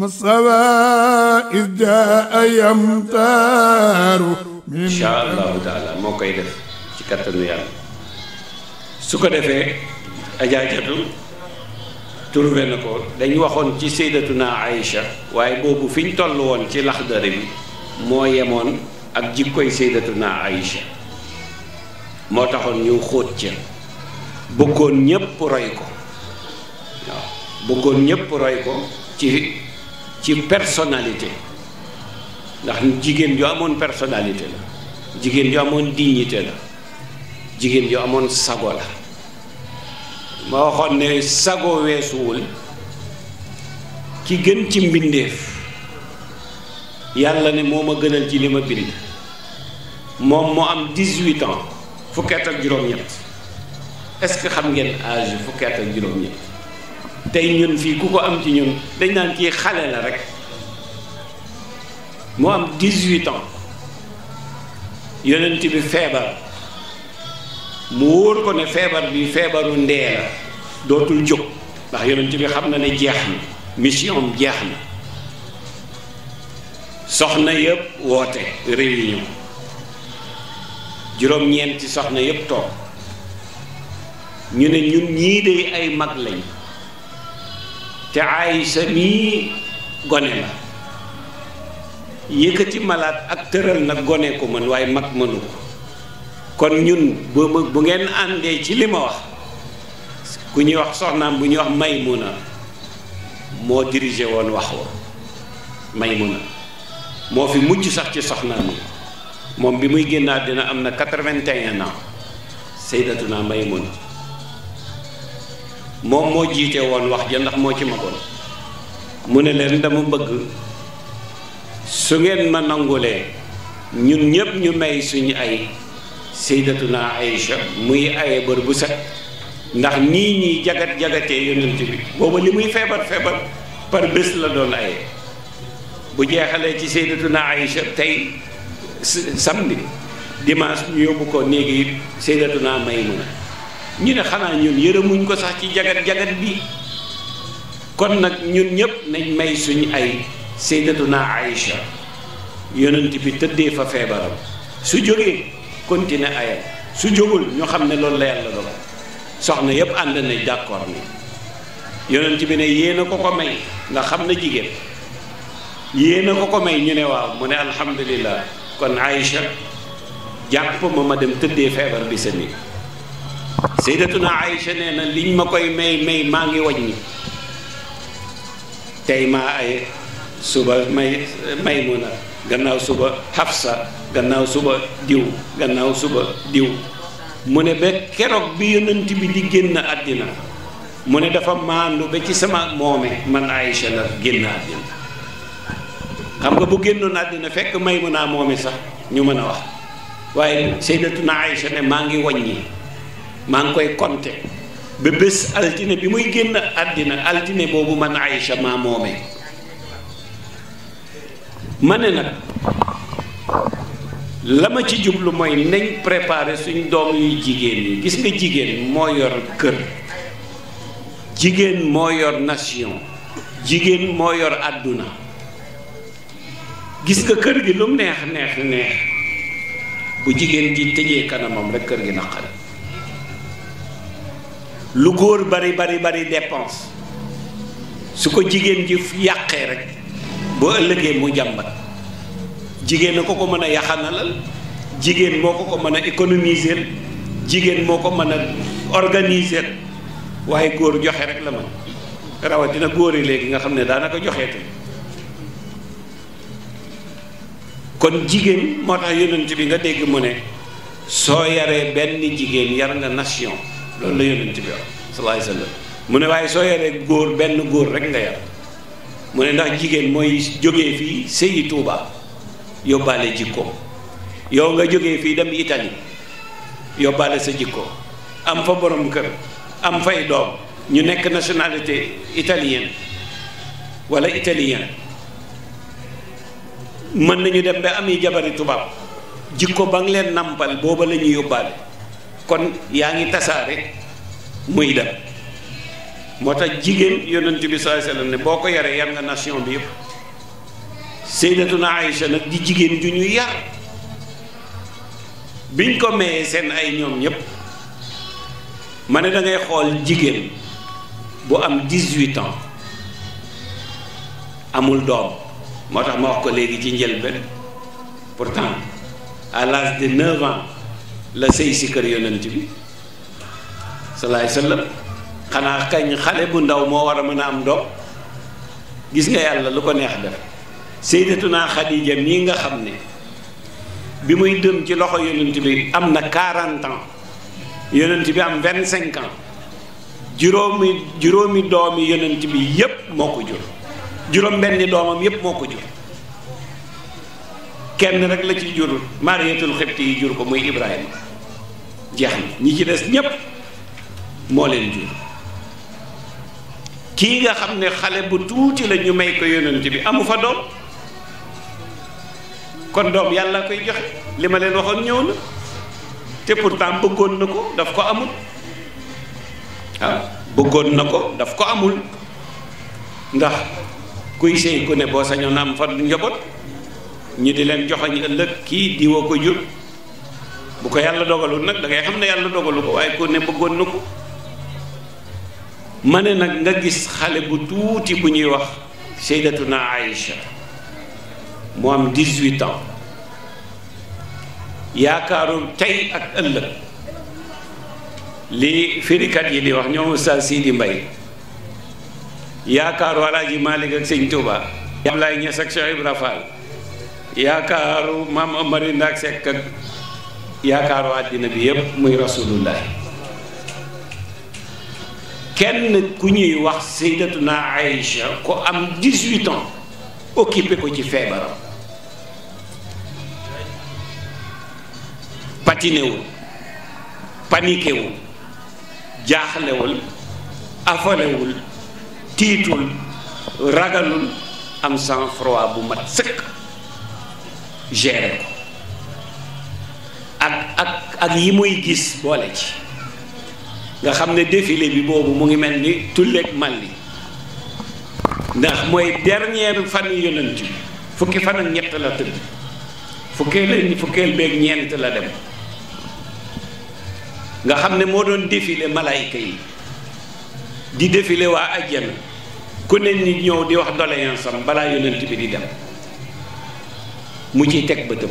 masawa is def ci kattanu su ko defee ajaajatu trouvé na ko dañ waxoon ci saydatuna Aïcha waaye boobu fi ñu toll woon ci laxdari bi moo yemoon ak jikkoy saydatuna Aïcha moo taxoon ñu xóot ca bëggoon ñépp roy ko waaw bëggoon ñépp roy ko ci ci personnalité ndax jigéen ju amoon personnalité la jigéen ju amoon dignité la jigéen ju amoon sago la ma waxoon ne sago weesuwul ki gën ci mbindeef yàlla ne moo ma gënal ci li ma bind moom mu am 18 ans fukkeet ak juróom-ñett est-ce que xam ngeen âge fukkeet ak juróom-ñett tey ñun fii ku ko am ci ñun dañ naan kii xale la rek mu am 18 ans yonent bi feebar mu wóor ko ne feebar bi feebaru ndee la dootul jóg ndax yonent bi xam na ne jeex na mission jeex na soxna yëpp woote réunion juróom-ñeenti soxna yëpp toog ñu ne ñun ñii de ay mag lañ te Aïcha mii gone la yëkkati malaat ak tëral nag gone ko mën waaye mag mënu ko kon ñun bu bu ngeen àndee ci li ma wax ku ñuy wax soxnaam bu ñuy wax Maymuna moo dirigé woon wax wa Maymuna moo fi mucc sax ci soxnaam moom bi muy génnaa dina am na quatre-vingt-un ans Sayyidatuna Maymuna moom moo jiite woon wax ja ndax moo ci magoon mu ne leen dama bëgg su ngeen ma nangulee ñun ñépp ñu may suñu ay ay Aïcha muy aye bër bu set ndax nii ñiy jagat jagatee yonent bi booba li muy feebar feebar par bés la doon aye bu jeexalee ci sayyidatuna Aïcha tey samedi dimanche ñu yóbbu ko néegi sayyidatuna Maymuna ñu ne xanaa ñun yërëmuñ ko sax ci jagat jagat bi kon nag ñun ñëpp nañ may suñu ay sayyidatuna Aïcha yonent bi tëddee fa feebaram su jógee continué ayam su jógul ñu xam ne loolu la yàlla dogal soxna yëpp ànd nañ d'accord ni yonent bi ne yéen a ko ko may nga xam na jigéen yéen a ko ko may ñu ne waaw mu ne alhamdulillah kon Aïcha jàpp ma ma dem tëddee feebar bi sa néeg sayyidatuna Aïcha nee na liñ ma koy may may maa ngi ñi tey maa ay suba may Maymuna gannaaw suba Hafsa gannaaw suba diw gannaaw suba diw mu ne ba keroog bi yonent bi di génn àddina mu ne dafa maandu ba ci sama moome man Aïcha la génn àddina xam nga bu génnoon àddina fekk Maymuna moome sax ñu mën a wax waaye sayyidatuna Aïcha ne maa ngi wàññi maa ngi koy compter ba bés altine bi muy génn àddina altine boobu man Aïcha maa moome ma ne nag la ma ci jublu mooy nañ préparer suñ doom yuy jigéen yi gis nga jigéen moo yor kër jigéen moo yor nation jigéen moo yor àdduna gis nga kër gi lu mu neex neex neex bu jigéen gi tëjee kanamam rek kër gi naqari lu góor bari bari bari dépense su ko jigéen ji yàqee rek boo ëllëgee mu jàmbat jigéen a ko ko mën a yaxanalal jigéen moo ko ko mën a économiser jigéen moo ko mën a organiser waaye góor joxe rek la mën rawatina góor yi léegi nga xam ne daanaka joxeetu kon jigéen moo tax yonent bi nga dégg mu ne soo yaree benn jigéen yar nga nation loolu la yonent bi wax sallallahu alayhi wasallam mu ne waaye soo yoree góor benn góor rek nga yar mu ne ndax jigéen mooy jógee fii sëyi Tuuba yóbbaale jikko yow nga jógee fii dem Italie yóbbaale sa jikko am fa borom kër am fay doom ñu nekk nationalité italienne wala italien mën nañu dem ba am yi jabari tubaab jikko ba nga leen nampal booba la ñuy yóbbaale kon yaa ngi tasaare muy dem moo tax jigéen yonent bi sallallahu alayhi wasallam ne boo ko yaree yar nation bi yëpp sayyidatuna Aïcha nag di jigéen ju ñu yar biñ ko mayee seen ay ñoom ñëpp ma ne dangay xool jigéen bu am 18 ans amul doom moo tax ma wax ko léegi ci njëlbeen pourtant à l'âge de 9 ans. la sëy si kër yonent bi salaay sallam xanaa kañ xale bu ndaw moo war a mën a am doom gis nga yàlla lu ko neex def sayyidatuna Xadija mii nga xam ne bi muy dem ci loxo yonent bi am na 40 ans yonent bi am 25 ans juróomi juróomi doomi yonent bi yépp moo ko jur juróom benni doomam yépp moo ko jur kenn rek la ci jur mariyatul xibti yi jur ko muy ibrahima jeex na ñi ci des ñépp moo leen jur kii nga xam ne xale bu tuuti la ñu may ko yonent bi amu fa doom kon doom yàlla koy joxe li ma leen waxoon ñëw na te pourtant bëggoon na ko daf ko amul ah, bëggoon na ko daf ko amul ndax kuy sëy ku ne boo sañoon am fa njaboot ñu di leen joxañ ëllëg kii diwa ko jur bu ko yàlla dogalu nag dangay ngay xam ne yàlla dogalu ko waaye ko ne bëggoon na ko ma ne nag nga gis xale bu tuuti bu ñuy wax Seydatuna Aïcha mu am 18 ans yaakaarul tey ak ëllëg li firikat yi di wax ñoom Oustaz Sidi mbay yaakaaru Alaaji Malik ak Sëñ Tuuba Ablaay Ñas ak Cheikh Ibra Fall yaakaaru maam Amari Ndaak Seck ak yaakaaru àddina bi yépp muy rasulullahi kenn ku ñuy wax saydatuna Aïcha ku am 18 ans occupé ko ci feebaram patinewul paniquewul jaaxlewul afalewul tiitul ragalul am sang-froid bu mat sëkk gérer ko ak ak ak yi muy gis boole ci nga xam ne défilé bi boobu mu ngi mel ni tulleeg Mali ndax mooy dernière fan yonent bi fukki fan ak ñett la tëdd fukkeel fukkeel beeg ñeent la dem nga xam ne moo doon défilé malayka yi di defile waa ajjana ku ne nit ñëw di wax doléance am balaa yonent bi di dem mu ciy teg bëta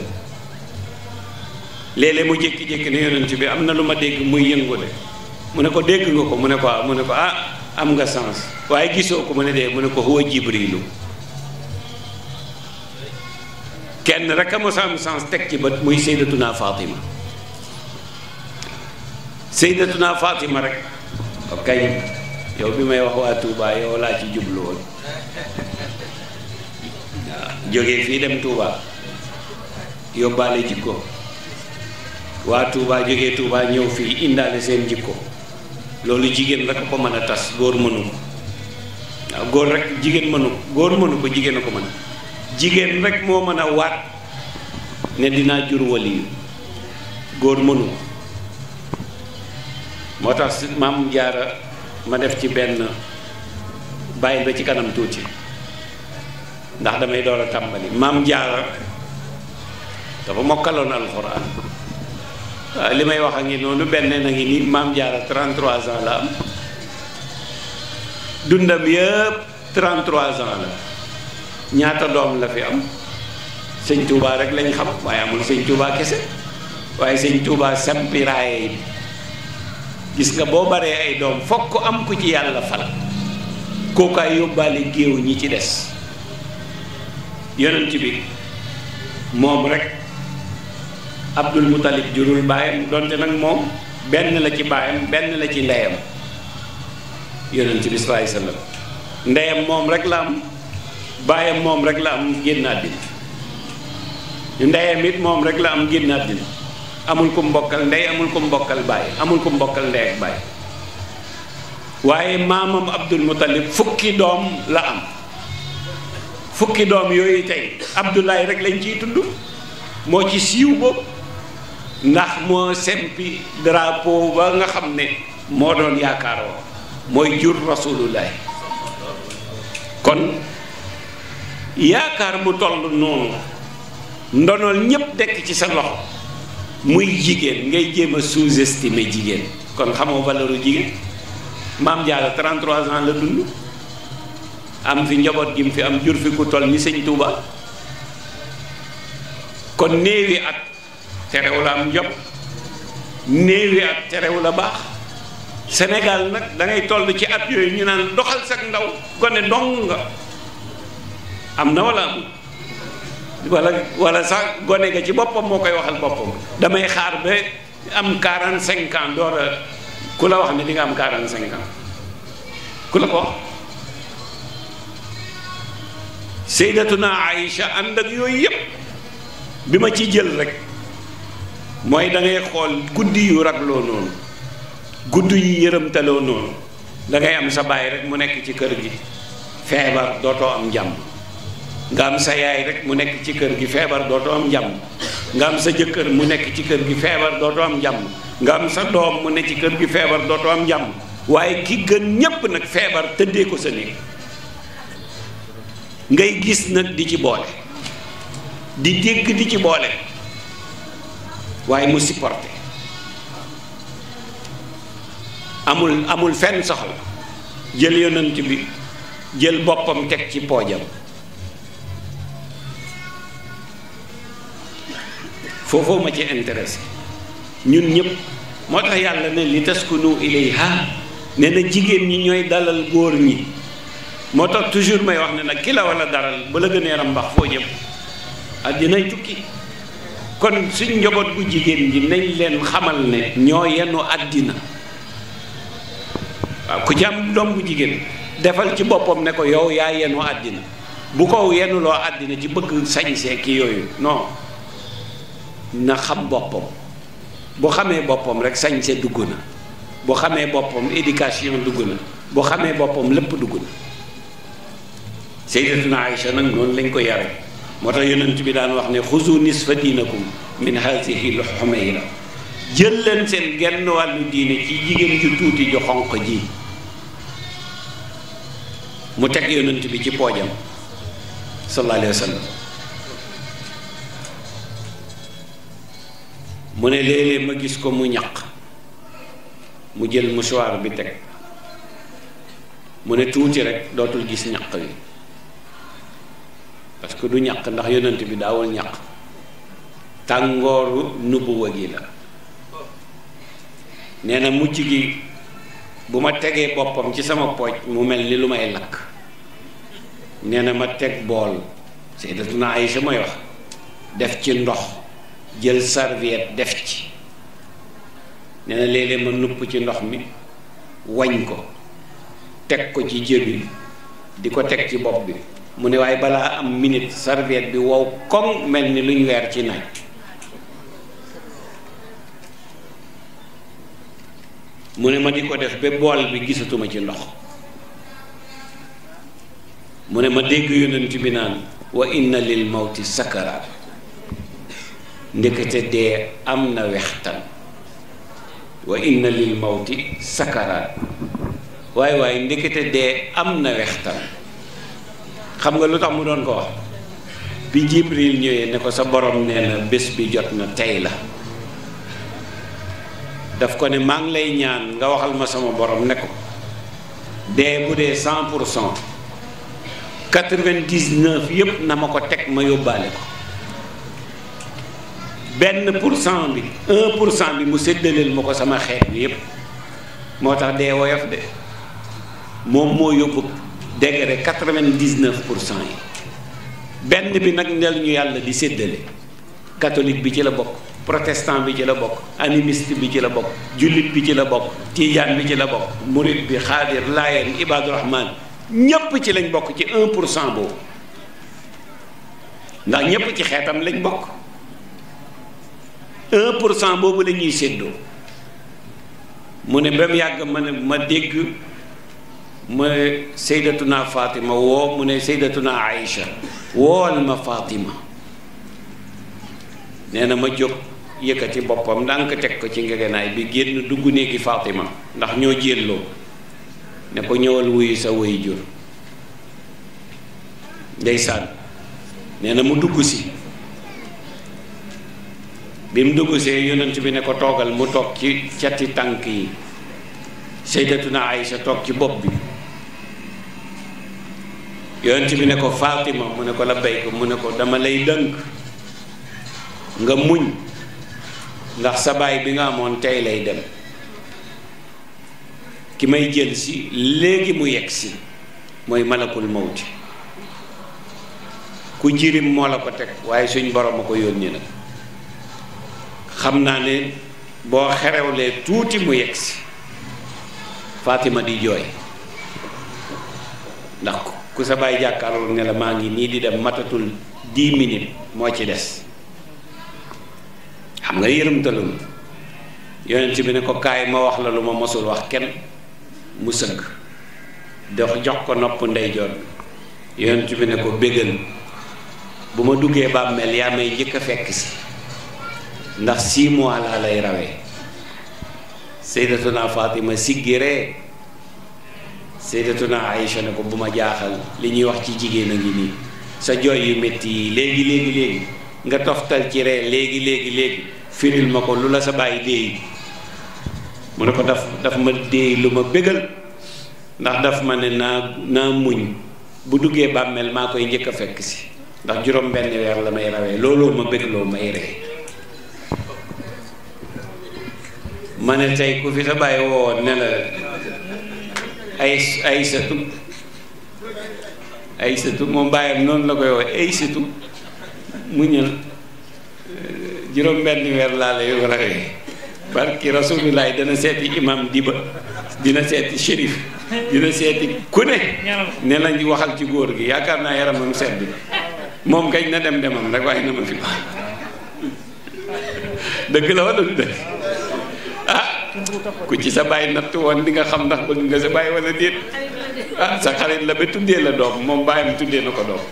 léeg-léeg mu jékki-jékki ne yonent bi am na lu ma dégg muy yëngu de mu ne ko dégg nga ko mu ne ko ah mu ne ko ah am nga sens waaye gisoo ko mu ne dee mu ne ko huwa jibrilu kenn rek a mos a am sens teg ci bët muy sayyidatuna Fatima sayyidatuna Fatima rek ok yow bi may wax waa Touba yow laa ci jublu woon fii dem Touba. yóbbaale jikko waa Touba jógee tuubaa ñëw fii indaale seen jikko loolu jigéen rek ko mën a tas góor mënu waaw góor rek jigéen mënu góor mënu ba jigéen a ko mën jigéen rek moo mën a waat ne dinaa jur waliyu góor mënu moo tax maam jaara ma def ci benn bàyyil ba ci kanam tuuti ndax damay door a tàmbali maam jaara dafa mokkaloon alxuraan waaw li may wax a ngi noonu benn na ngi nii maam jaara 33 ans la am dundam yëpp 33 ans la ñaata doom la fi am sëñ Touba rek lañ xam waaye amul sëñ Touba kese waaye sëñ Touba sampi raaye gis nga boo baree ay doom fokk am ku ci yàlla fal kookaay yóbbaale géew ñi ci des yonent bi moom rek abdul muttalib jurul baayam donte nag moom benn la ci baayam benn la ci ndeyam yonent ci sallallahu alayhi wasallam ndeyam moom rek la am baayam moom rek la am génn àddina ndeyam it moom rek la am génn àddina amul ku mbokkal ndey amul ko mbokkal baay amul ku mbokkal ndey ak baay waaye maamam abdul muttalib fukki doom la am fukki doom yooyu tey abdoulaye rek lañ ciy tudd moo ci siiw boobu ndax moo sempi drapeau ba nga xam ne moo doon yaakaaroo mooy jur rasulullahi kon yaakaar mu toll noonu ndonol ñépp dekk ci sa loxo muy jigéen ngay jéem a sous-estimer jigéen kon xamoo valeur u jigéen maam Jaara 33 ans la dund am fi njaboot gi mu fi am jur fi ku toll ni sëñ Tuuba kon néewi at terewu la am jot néewi at terewu la baax Sénégal nag dangay toll ci at yooyu ñu naan doxal sag ndaw gone dong nga am na wala amul wala wala sax gone ga ci boppam moo koy waxal boppam damay xaar ba am 45 ans door a ku la wax ne di nga am 45 ans ku la ko wax Seydatuna Aïcha ànd ak yooyu yëpp bi ma ci jël rek mooy da ngay xool guddi yu ragloo noonu gudd yi yërëmtaloo noonu dangay am sa baay rek mu nekk ci kër gi feebar dootoo am jàmm nga am sa yaay rek mu nekk ci kër gi feebar dootoo am jàmm nga sa jëkkër mu nekk ci kër gi feebar dootoo am jàmm nga am sa doom mu ne ci kër gi feebar dootoo am jàmm waaye ki gën ñépp nag feebar tëddee ko sa néeg ngay gis nag di ci boole di dégg di ci boole waaye mu supporté amul amul fenn soxla jël yonant bi jël boppam teg ci poojam foofoo ma ci intéressé ñun ñëpp moo tax yàlla ne li taskunu ilayha nee na jigéen ñi ñooy dalal góor ñi moo tax toujours may wax ne na ki la wala daral ba la gënee rambax foo jëm àddinay tukki kon suñ njaboot bu jigéen ji nañ leen xamal ne ñoo yenu àddina waaw ku ci am doom bu jigéen defal ci boppam ne ko yow yaa yenu àddina bu ko yenuloo àddina ci bëgg sañsee ki yooyu non na xam boppam bu xamee boppam rek sañse dugg na bu xamee boppam éducation dugg na bu xamee boppam lépp dugg na Sayyidatuna Aïcha nag noonu lañ ko yaram moo tax yonent bi daan wax ne xuzu nisfa diinakum min hazihi lxumayra jël leen seen genn wàllu diine ci jigéen ju tuuti ju xonq ji mu teg yonent bi ci poojam sallallahu alayhi mu ne léeg ma gis ko mu ñaq mu jël mouchoir bi teg mu ne tuuti rek dootul gis ñaq wi parce que du ñàkk ndax yonent bi daawul ñàq tàngooru nubuwa gi la nee na mucc gi bu ma tegee boppam ci sama pooj mu mel ni lu may lakk nee na ma teg bool Sayyidatuna Aïcha may wax def ci ndox jël serviette def ci nee na ma nupp ci ndox mi wañ ko teg ko ci jëbi di ko teg ci bopp bi mu ne waaye balaa am minit serviette bi wow koŋ mel ni luñ weer ci naaj mu ne ma di ko def ba bool bi gisatuma ci ndox mu ne ma dégg yonent bi naan wa inna lil mawti sakaraat ndekete dee am na wextan wa inna lil mawti sakaraat waaye waaye ndekete dee am na wextan xam nga lu tax mu doon ko wax bi Jibril ñëwee ni ko sa boroom nee bés bi jot na tey la daf ko ne maa ngi lay ñaan nga waxal ma sama boroom nekk ko dee bu dee cent pour cent quatre-vingt-dix-neuf yépp na ma ko teg ma yóbbaale ko benn pour cent bi un pour cent bi mu séddaleel ma ko sama xeet bi yépp moo tax dee woyof de moom moo yóbbu degré quatre-vingt-dix-neuf pour cent yi benn bi nag nel ñu yàlla di séddale catholique bi ci la bokk protestant bi ci la bokk animiste bi ci la bokk jullit bi ci la bokk tiijaan bi ci la bokk murit bi xaadir laayeen ibaadu rahmaan ñépp ci lañ bokk ci un pour cent boobu ndax ñépp ci xeetam lañ bokk un pour cent boobu la ñuy séddoo mu ne ba mu yàgg ma ne ma dégg ma saydatuna fatima woo mu ne saydatuna aïcha woowal ma faatima nee na ma jóg yëkkati boppam ndànk teg ko ci ngegenaay bi génn dugg néegi fatima ndax ñoo jélloo ne ko ñëwal wuyu sa way jur ndeysaan nee na mu dugg si bi mu dugg see yonent bi ne ko toogal mu toog ci cati tànk yi saydatuna Aïcha toog ci bopp bi yonent bi ne ko Fatima mu ne ko la bay ko mu ne ko dama lay dënk nga muñ ndax sa baay bi nga amoon tey lay dem ki may jël si léegi mu yegg si mooy malakul mawti ku jirim moo la ko teg waaye suñ borom a ko yónni nag xam naa ne boo xerewlee tuuti mu yegg si Fatima di jooy ndax ko ku sa bàyyi jàkkaarloo ne la maa ngi nii di dem matatul dix minutes moo ci des xam nga yërëmtaluñu yonent bi ne ko kaay ma wax la lu ma mosul wax kenn mu sëgg dox jox ko nopp ndeyjoon bi yonent bi ne ko bégal bu ma duggee bàmmeel yaa may njëkk a fekk si ndax six mois laa lay rawee sayyidatuna Fatima siggiree Sayyidatuna Aïcha ne ko bu ma jaaxal li ñuy wax ci jigéen a ngi nii sa jooy yu metti yi léegi léegi léegi nga toftal ci ree léegi léegi léegi firil ma ko lu la sa bàyyi déey mu ne ko daf daf ma déey lu ma bégal ndax dafa ma ne naa naa muñ bu duggee bàmmeel maa koy njëkk a fekk si ndax juróom benn weer la may rawee looloo ma bégloo may ree ma ne tey ku fi sa bàyyi woo ne la ay ay satu ay satu moom bàyyam noonu la koy wax ay satu mu ñël euh, juróom benn weer laa lay waree barki rasulilaay dana seeti imam diba dina seeti shérif dina seeti ku ne ne lañ waxal ci góor gi yaakaar naa yaramam sedd moom kañ na dem demam rek waaye na ma fi baax dëgg la wala du dëgg ah, ku ci sa bàyyi natt woon di nga xam ndax bëgg nga sa bàyyi wala déet ah sa xarit la ba tuddee la doom moom bàyyam tuddee na ko doom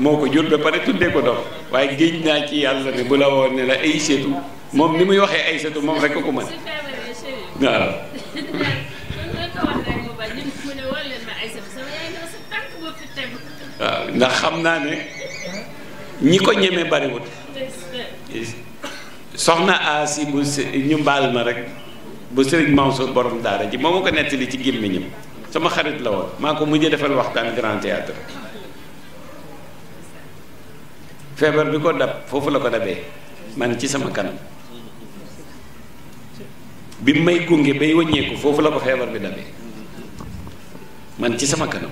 moo ko jur ba pare tuddee ko doom waaye géej naa ci yàlla ne bu la woon ne la ay seetu moom ni muy waxee ay seetu moom rek ko mën waaw waaw ndax xam naa ne ñi ko ñeme bariwut soxna aasi bu ñu mbaal ma rekk bu sëriñ Mansour borom daara ji moo ma ko nettali ci gémmiñam sama xarit la woon maa ko mujjee defal waxtaan grand théâtre feebar bi ko dab foofu la ko dabee man ci sama kanam bi may gunge bay wëññeeku foofu la ko feebar bi dabee man ci sama kanam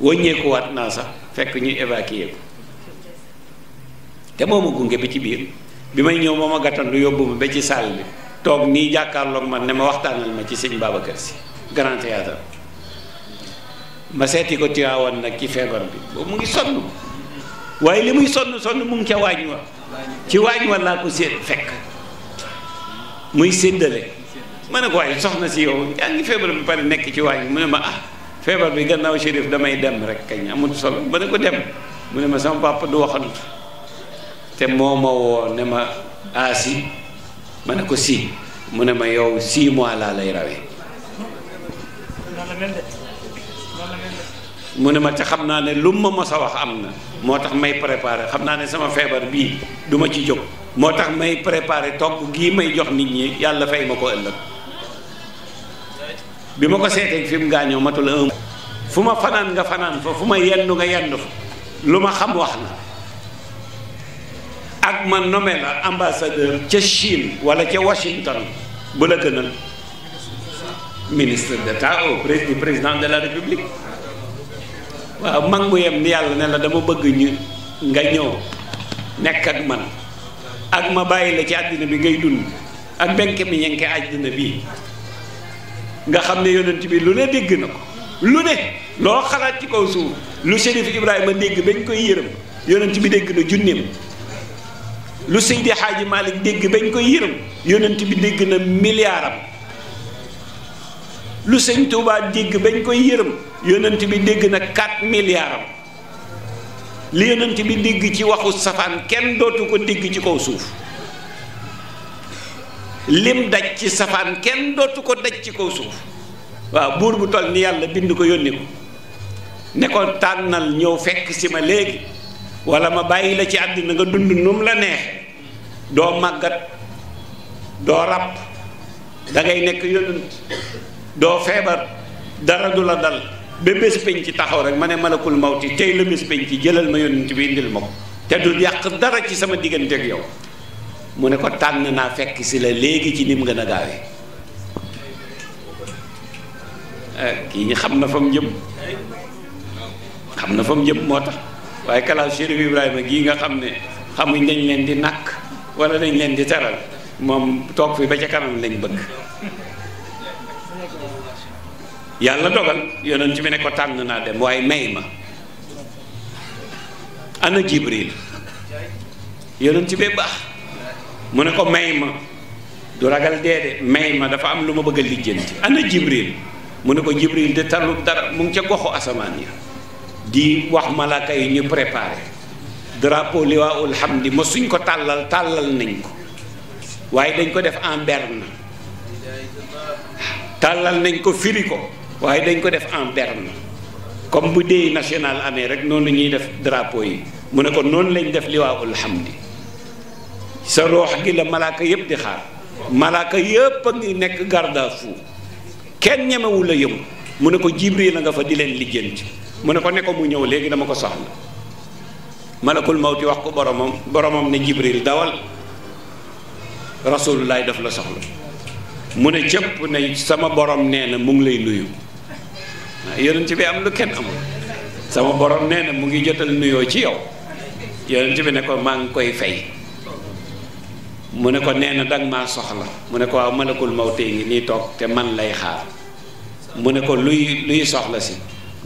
wëññeeku waat naa sax fekk ñu évacuer te moo ma gunge bi ci biir bi may ñëw ba ma gàttandu yóbbu ma ba ci salle bi toog nii jàkkaarloog man ne ma waxtaanal ma ci sëñ Babacar si garante Théâtre ma seeti ko Tiwaawan nag ci feebar bi boobu mu ngi sonn waaye li muy sonn sonn mu ngi ca waañ wa ci waañ wa laa ko séet fekk muy séddale ma ne ko waaye soxna si yow yaa ngi feebar bi pare nekk ci waañ mu ne ma ah feebar bi gannaaw Chérif damay dem rek kañ amul solo ma ne ko dem mu ne ma sama papa du waxantu te moo ma woo ne ma aasi ma ne ko si mu ne ma yow six mois laa lay rawee mu ne ma te xam naa ne lu ma mos wax am na moo tax may préparé xam naa ne sama feebar bii du ma ci jóg moo tax may préparé togg gii may jox nit ñi yàlla fay ma ko ëllëg bi ma ko seetee fi mu gaañoo matul fu ma fanaan nga fanaan fa fu ma yendu nga yendu fa lu ma xam wax na ak ma nommé la ambassadeur ca Chine wala ca Washington bu la gënal ministre d'État auprès du président de la République waaw mag mu yem ni yàlla ne la dama bëgg ñu nga ñëw nekk ak man ak ma bàyyi la ci àddina bi ngay dund ak benk mi ñenke àddina bi nga xam ne yonent bi lu ne dégg na ko lu ne loo xalaat ci kaw suuf lu Chérif Ibrahima dégg bañ koy yërëm yonent bi dégg na junneem lu Seydi Xaaji Malick dégg bañ koy yërëm yonent bi dégg na milliardam lu sëñ Tuubaa dégg bañ koy yërëm yonent bi dégg na 4 milliardam li yonent bi dégg ci waxu safaan kenn dootu ko dégg ci kaw suuf lim daj ci safaan kenn dootu ko daj ci kaw suuf waaw buur bu toll ni yàlla bind ko yónni ko ne ko tànnal ñëw fekk si ma léegi wala ma bàyyi la ci àddina nga dund num la neex doo màggat doo ràpp dangay nekk yonent doo feebar dara du la dal ba bés peñ ci taxaw rek ma ne malakul maw tey la bés peñ ci jëlal ma yonent bi indil ma ko te du yàq dara ci sama diggante ak yow mu ne ko tànn naa fekk si la léegi ci ni mu gën a gaawee eh, kii xam na fa mu jëm xam na fa mu jëm moo tax waaye kalaas Chérif Ibrahima gii nga xam ne xamuñ dañ leen di nakk wala dañ leen di teral moom toog fi ba ca kanam lañ bëgg yàlla dogal yonent bi ne ko tànn naa dem waaye may ma ana jibril yonent bi baax mu ne ko may ma du ragal dee de may ma dafa am lu ma bëgg a lijjanti ana jibril mu ne ko jibril de talu dara mu ngi ca goxu asamaan yi di wax malaaka yi ñu préparé drapeau xam hamdi ma suñ ko tàllal tàllal nañ ko waaye dañ ko def en berne tàllal nañ ko firi ko waaye dañ ko def en comme bu dee national amee rek noonu ñuy def drapeau yi mu ne ko noonu lañ def liwaul hamdi sa roox gi la malaaka yépp di xaar malaaka yépp a ngi nekk garde à kenn ñemewu la yëngu mu ne ko jibril la nga fa di leen ci mu ne ko ne ko mu ñëw léegi dama ko soxla malakul mawti wax ko boromam boromam ne jibril dawal rasulullah def la soxla mu ne cëpp ne sama borom nee na mu ngi lay nuyu ah, yonent bi am lu kenn amul sama borom nee na mu ngi jotal nuyoo ci yow yonent bi ne ko maa ngi koy fay mu ne ko nee na danga maa soxla mu ne ko waaw malakul te ngi nii toog te man lay xaar mu ne ko luy luy soxla si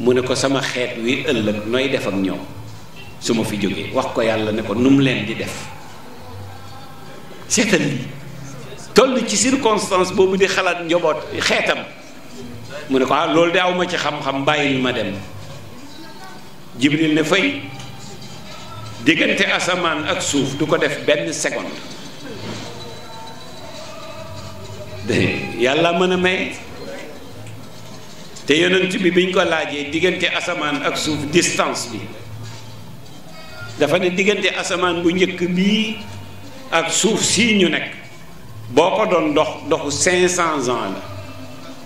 mu ne ko sama xeet wi ëllëg nooy def ak ñoom su ma fi jógee wax ko yàlla ne ko nu mu leen di def seetal lii toll ci circonstance boobu di xalaat njaboot xeetam mu ne ko ah loolu de aw ma ci xam-xam bàyyil ma dem Jibril ne fay diggante asamaan ak suuf du ko def benn seconde yàlla mën a may te yonent bi biñ ko laajee diggante asamaan ak suuf distance bi dafa ne diggante asamaan bu njëkk bii ak suuf sii ñu nekk boo ko doon dox doxu cinq cent ans la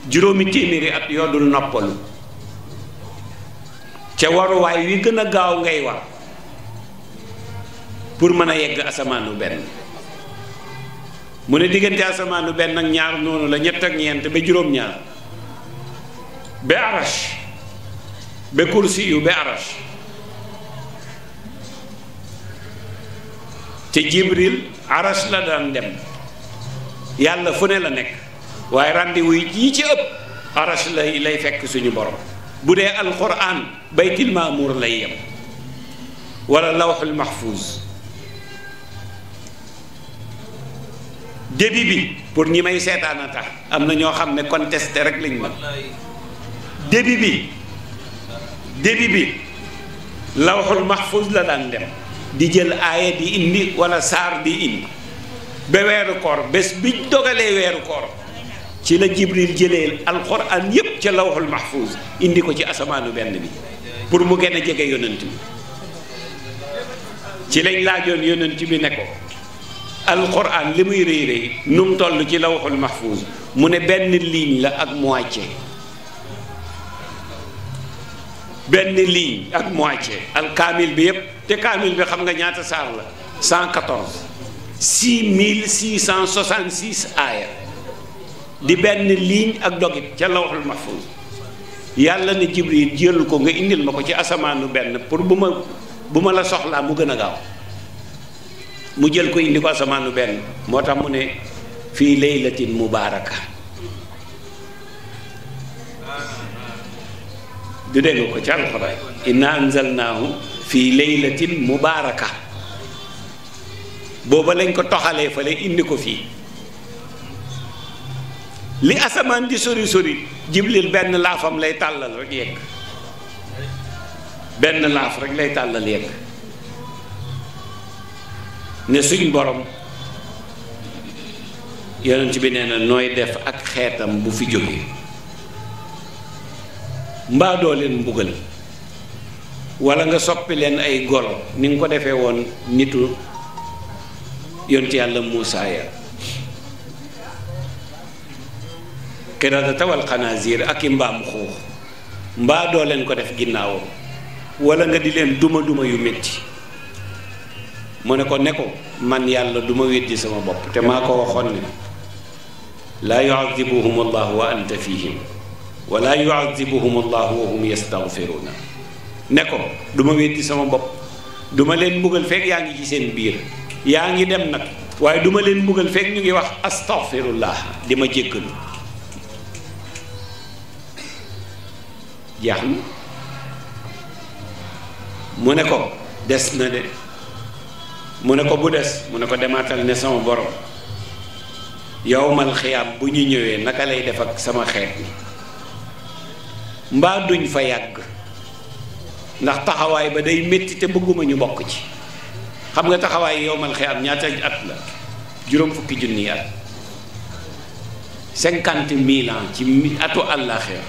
juróomi téeméeri at yoo noppalu ca waruwaay wi gën a gaaw ngay wax pour mën a yegg asamaanu benn mu ne diggante asamaanu benn ak ñaar noonu la ñett ak ñeent ba juróom-ñaar be arash be yu be arash te jibril arash la daan dem yàlla fu ne la nekk waaye rendez-vous yi ci ëpp arash lay lay fekk suñu borom bu dee alquran baytil maamuur lay yem wala lawxul mahfuz début bi pour ñi may seetaan a am na ñoo xam ne contesté rek lañ ma début bi début bi lawxul maxfuus la daan dem di jël aaya di indi walla saar di indi ba weeru koor bés biñ dogalee weeru koor ci la jibril jëlee alquran yépp ca lawxul maxfuus indi ko ci asamaanu benn bi pour mu gën a jege yonent bi ci lañ laajoon yonent bi ne ko alquran li muy réy réy nu mu toll ci lawxul maxfuus mu ne benn ligne la ak moitié benn ligne ak moitié al kaamil bi yëpp te kaamil bi xam nga ñaata saar la 114 6666 aaya di benn ligne ak dogit ca lawhul mahfuz yàlla na jibril jël ko nga indil ma ko ci asamaanu benn pour bu ma bu ma la soxlaa mu gën a gaaw mu jël ko indi ko asamaanu benn moo tax mu ne fii laylatin mubaaraka du dégg ko ci alxuraan inna anzalnaahu fii laylatin mubaaraka booba lañ ko toxalee fale indi ko fii li asamaan di sori sori jiblil benn laafam lay tàllal rek yegg benn laaf rek lay tàllal yegg ne suñ borom yonent bi nee na nooy def ak xeetam bu fi jógee mbaa doo leen mbugal wala nga soppi leen ay golo ni nga ko defee woon nitu yonti yàlla Muusaa ya xiradata wal xanaasiir ak i mbaam xuux mbaa doo leen ko def ginnaawam walla nga di leen duma duma yu metti mu ne ko ne ko man yàlla du ma weddi sama bopp te maa ko waxoon ne laa yu'adhibuhum allahu wa anta fihim wala yuazibuhum allahu wa hum yastaghfiruuna ne ko du ma weddi sama bopp duma leen mbugal fekk yaa ngi ci seen biir yaa ngi dem nag waaye duma leen mbugal fekk ñu ngi wax astaghfirullah di ma jéggalu jeex na mu ne ko des na de mu ne ko bu des mu ne ko demaatal ne sama borom yowmal xiyaam bu ñu ñëwee naka lay def ak sama xeet yi mbaa duñ fa yàgg ndax taxawaay ba day métti te bëgguma ñu bokk ci xam nga taxawaay yowmal xiyaam ñaata at la juróom fukki junni at cinquante mille ans ci atu àllaaxira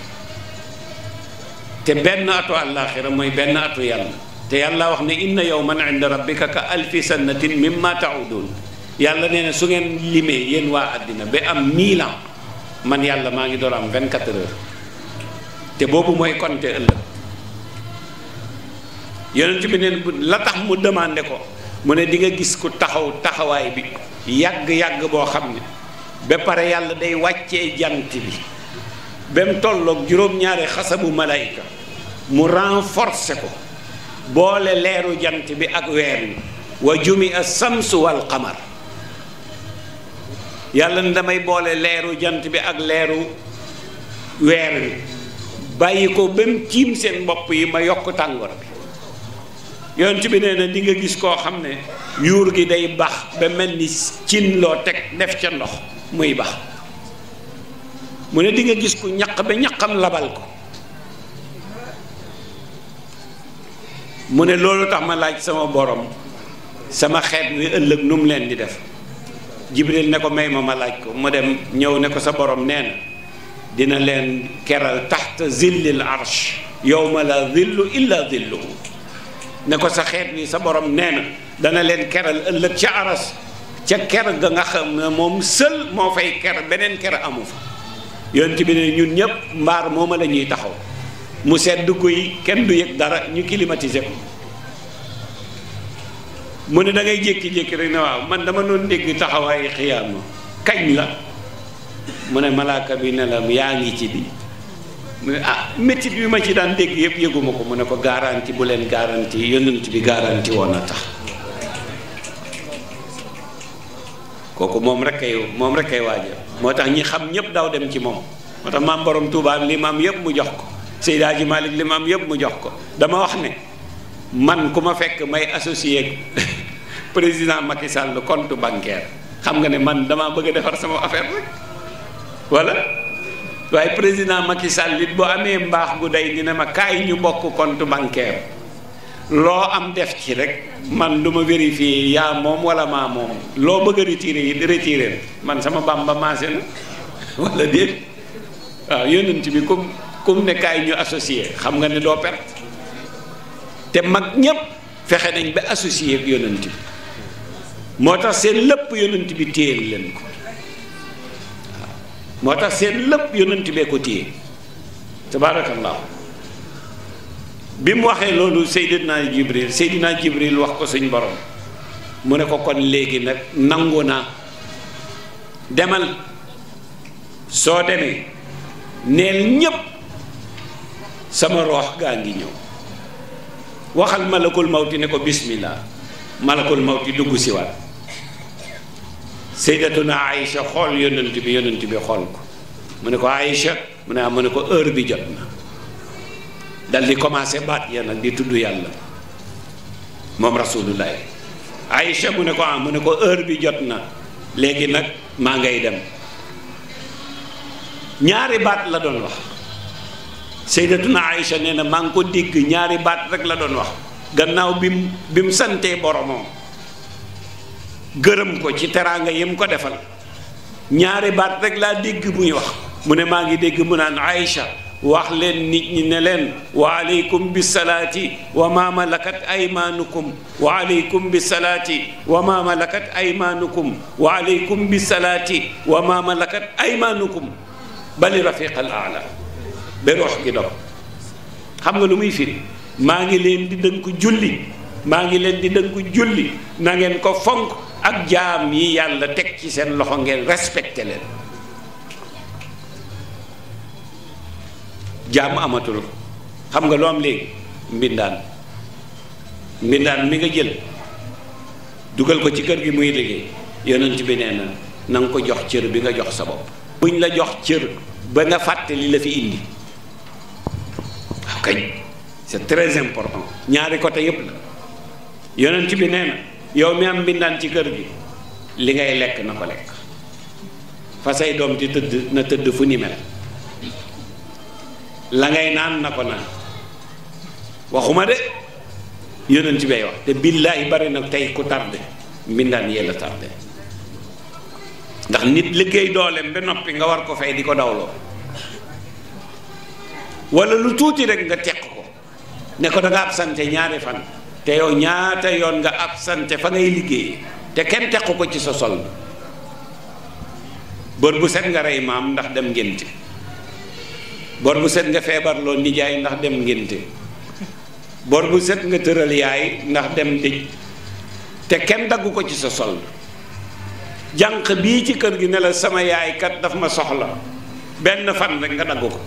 te benn atu àllaaxira mooy benn atu yàlla te yàlla wax ne inna yawman inda rabbika ka alfi sannatin mimma taudun yàlla nee su ngeen limee yéen waa àddina bi am milan ans man yàlla maa ngi door am vingt-quatre heures te boobu mooy konte ëllëg yonent bi neen la tax mu demandé ko mu ne di nga gis ku taxaw taxawaay bi yàgg-yàgg boo xam ne ba pare yàlla day wàcce jant bi ba mu tolloog juróom-ñaari xasabu malayka mu renforcer ko boole leeru jant bi ak weer wi wa jumi a samsu wal yàlla ne damay boole leeru jant bi ak leeru weer wi bàyyi ko ba mu tiim seen bopp yi ma yokk tàngoor bi yonent bi nee na di nga gis koo xam ne yuur gi day bax ba mel ni cin loo teg def ca ndox muy bax mu ne di nga gis ku ñaq ba ñaqam labal ko mu ne loolu tax ma laaj sama borom sama xeet wi ëllëg nu mu leen di def jibril ne ko may ma ma laaj ko mu dem ñëw ne ko sa borom nee na dina leen keral taxta zillil arsh yowma la zillu illa zilluhu ne ko sa xeet wi sa borom nee na dana leen keral ëllëg ca aras ca ker ga nga xam moom sël moo fay ker beneen ker amu fa yonent bi ne ñun ñëpp mbaar mooma la ñuy taxaw mu sedd yi kenn du yëg dara ñu climatisé ko mu ne dangay jékki-jékki rek ne waaw man dama doon dégg taxawaayu xiyaama kañ la mu ne malaaka bi ne la yaa ngi ci bi mu ne ah métit bi ma ci daan dégg yëpp yëguma ko mu ne ko garanti bu leen garanti yonent bi garanti woon a tax kooku moom rek kay moom rek kay waaja moo tax ñi xam ñëpp daw dem ci moom moo tax maam borom Touba limaam yëpp mu jox ko Seydaa ji Malick limaam yëpp mu jox ko dama wax ne man ku ma fekk may associé président Macky Sall compte bancaire xam nga ne man damaa bëgg a defar sama affaire rek. wala waaye président Macky Sall it bu amee mbaax gu day dina ma kaay ñu bokk compte bancaire loo am def ci rek man du ma vérifier yaa moom wala maa moom loo bëgg a retiré yi retiré man sama bamba maase na wala déet waaw yonent bi comme comme ne kaay ñu associé xam nga ne doo perte te mag ñépp fexe nañ ba associé ak bi moo tax seen lépp yonent bi téyel leen ko moo tax seen lépp yonent bee ko téye tabaarakallaahu bi mu waxee loolu Seydina Jibril Seydina Jibril wax ko suñ borom mu ne ko kon léegi nag nangu naa demal soo demee neel ñépp sama roox gaa ngi ñëw waxal malakul mawti ne ko bismillah malakul mawti dugg siwaat saydatuna Aïcha xool yonent bi yonent bi xool ko mu ne ko Aïcha mu ne am mu ne ko heure bi jot na dal di commencé baat ya nag di tudd yàlla moom rasulullahi Aïcha mu ne ko ah mu ne ko heure bi jot na léegi nag maa ngay dem ñaari baat la doon wax na Aïcha nee na maa ngi ko dégg ñaari baat rek la doon wax gannaaw bi mu bi mu santee boromam gërëm ko ci teraanga yim ko defal ñaari baat rekk laa dégg muy wax mu ne maa ngi dégg mu naan Aïcha wax leen nit ñi ne leen wa aleykum bi salaati wa ma malakat aymaanukum wa aleykum bi salaati wa ma malakat aymaanukum wa aleykum bi salaati wa ma malakat aymaanukum bali rafiq al aala ba rox dog xam nga lu muy firi maa ngi leen di dënk julli maa ngi leen di dënku julli na ko fonk ak jaam yi yàlla teg ci seen loxo ngeen respecté leen jaam amatul xam nga lu am léegi mbindaan mbindaan mi nga jël dugal ko ci kër gi muy liggéey yonent bi nee na nga ko jox cër bi nga jox sa bopp buñ la jox cër ba nga fàttali la fi indi waaw kañ c'est très important ñaari côté yépp la yonent bi nee na yow mi am mbindaan ci kër gi li ngay lekk na ko lekk fa say doom di tëdd na tëdd fu ni mel la ngay naan na ko naan waxuma de yonent bi ay wax te billaahi bari na tey ku tardé mbindaan yee la tardé ndax nit liggéey dooleem ba noppi nga war ko fay di ko dawloo wala lu tuuti rek nga teq ko ne ko da nga absente ñaari fan te yow ñaata yoon nga absenté fa ngay liggéey te kenn tequ ko ci sa sol bor bu set nga rey maam ndax dem ngénte bor bu set nga feebar feebarloo nijaay ndax dem ngénte bor bu set nga tëral yaay ndax dem dëj te kenn daggu ko ci sa sol jànq bii ci kër gi ne la sama yaay kat daf ma soxla benn fan rek nga daggu ko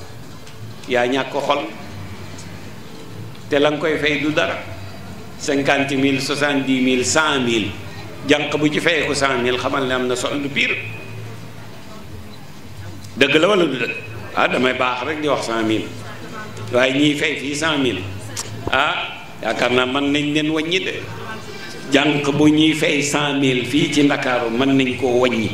yaa ñàkk xol te la nga koy fay du dara cinquante mille soixante dix mille cent mille jànq bu ci fayeeku cent mille xamal ne am na soldu pire dëgg la wala du dëgg ah damay baax rek di wax cent mille waaye ñiy fay fii cent mille ah yaakaar naa man nañ leen wàññi de jànq bu ñuy fay cent mille fii ci ndakaaru mën nañ koo wàññi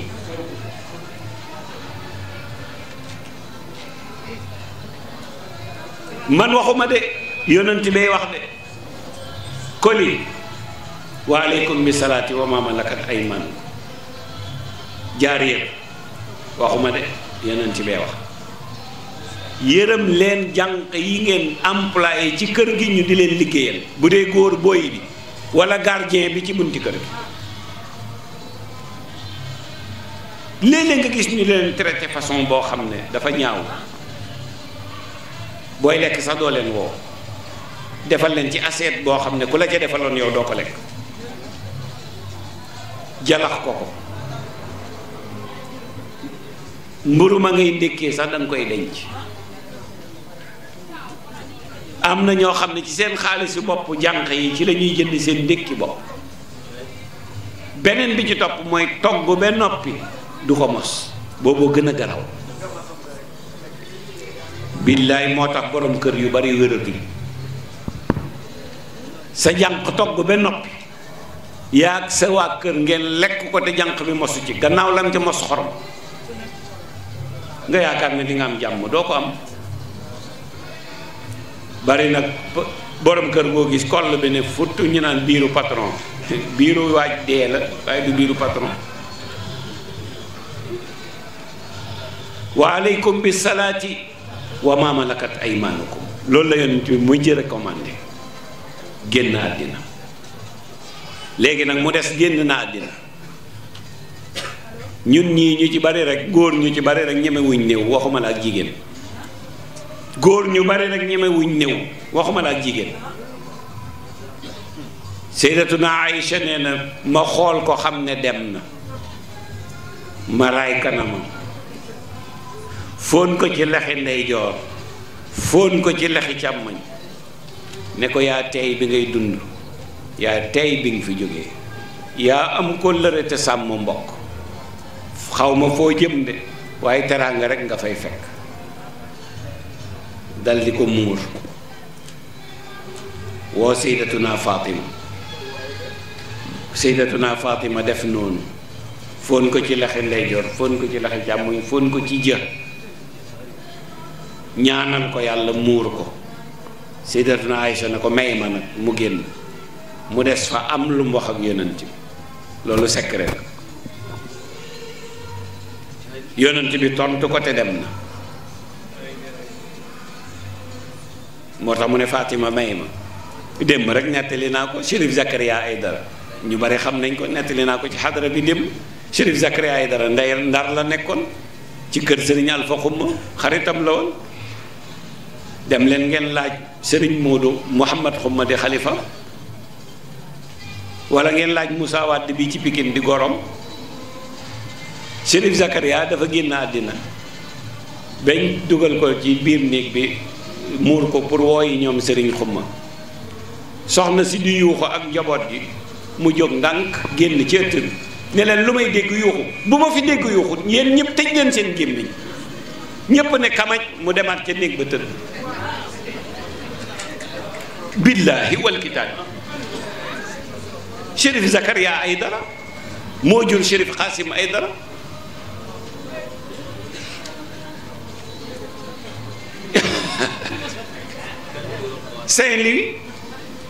man waxuma de yonent bay wax de koli wa aleykum bi salaati wa ma malakat aymaanu jaar yëpp waxuma de yeneen ci bee wax yërëm leen jànq yi ngeen employé ci kër gi ñu di leen liggéeyal bu dee góor booy bi wala gardien bi ci bunti kër gi léeg nga gis ñu leen traité façon boo xam ne dafa ñaaw booy lekk sax doo leen woo defal leen ci assiette boo xam ne ku la ca defaloon yow doo ko lekk jalax ko ko mburu ma ngay ndékkee sax danga koy denc am na ñoo xam ne ci seen xaalisu bopp jànq yi ci la ñuy jënd seen dékki bopp beneen bi ci topp mooy togg ba noppi du ko mos booboo gën a garaw billaay moo tax borom kër yu bari wératuñ sa jànq togg ba noppi yaag sa waa kër ngeen lekk ko te jànq bi mosu ci gannaaw lam ca mos xorom nga yaakaar ne di am jàmm doo ko am bari nag borom kër boo gis koll bi ne futt ñu naan biiru patron biiru waaj dee la waaye du biiru patron wa aleykum bi salaati wa ma malakat aymanukum loolu la yonent bi muy ci recommandé génn àddina léegi nag mu des génn na àddina ñun ñii ñu ci bari rek góor ñu ci bari rek ñemewuñ néew waxuma la ak jigéen góor ñu bari rek ñemewuñ néew waxuma la ak jigéen Sayyidatuna Aïcha nee na ma xool ko xam ne dem na ma raay kanamam fóon ko ci lexi ndeyjoor fóon ko ci lexi càmmoñ ne ko yaa teey bi ngay dund yaa teey bi nga fi jógee yaa am ko lëre te sàmm mbokk xaw ma foo jëm de waaye teraanga rekk nga fay fekk dal di ko muur woo sayyidatuna Fatima sayyidatuna Fatima def noonu foon ko ci laxi ndeyjoor foon ko ci laxi càmmoñ foon ko ci jë ñaanal ko yàlla muur ko Sayyidatuna Aïcha ne ko may ma nag mu génn mu des fa am lu mu wax ak yonent bi loolu secret la yonent bi tontu ko te dem na moo tax mu ne Fatima may ma démb rek nettali naa ko Chérif ay Aïdara ñu bari xam nañ ko nettali naa ko ci xadara bi démb Chérif Zakaria dara ndey ndar la nekkoon ci kër Sëriñ Alfa Xumma xaritam la woon dem leen ngeen laaj sëriñ Modou Mouhamad Xumma di xalifa wala ngeen laaj Moussa Wade bi ci Pikine di gorom Chérif Zakaria dafa génn àddina bañ dugal ko ci biir néeg bi muur ko pour wooyi ñoom sëriñ Xumma soxna si di yuuxu ak njaboot gi mu jóg ndànk génn ci ëtt bi ne leen lu may dégg yuuxu bu ma fi dégg yuuxu yéen ñëpp tëj leen seen gémmiñ ñëpp ne kamaj mu demaat ca néeg ba tëdd billaahi wal kitaabi shérif Zakaria Aydara moo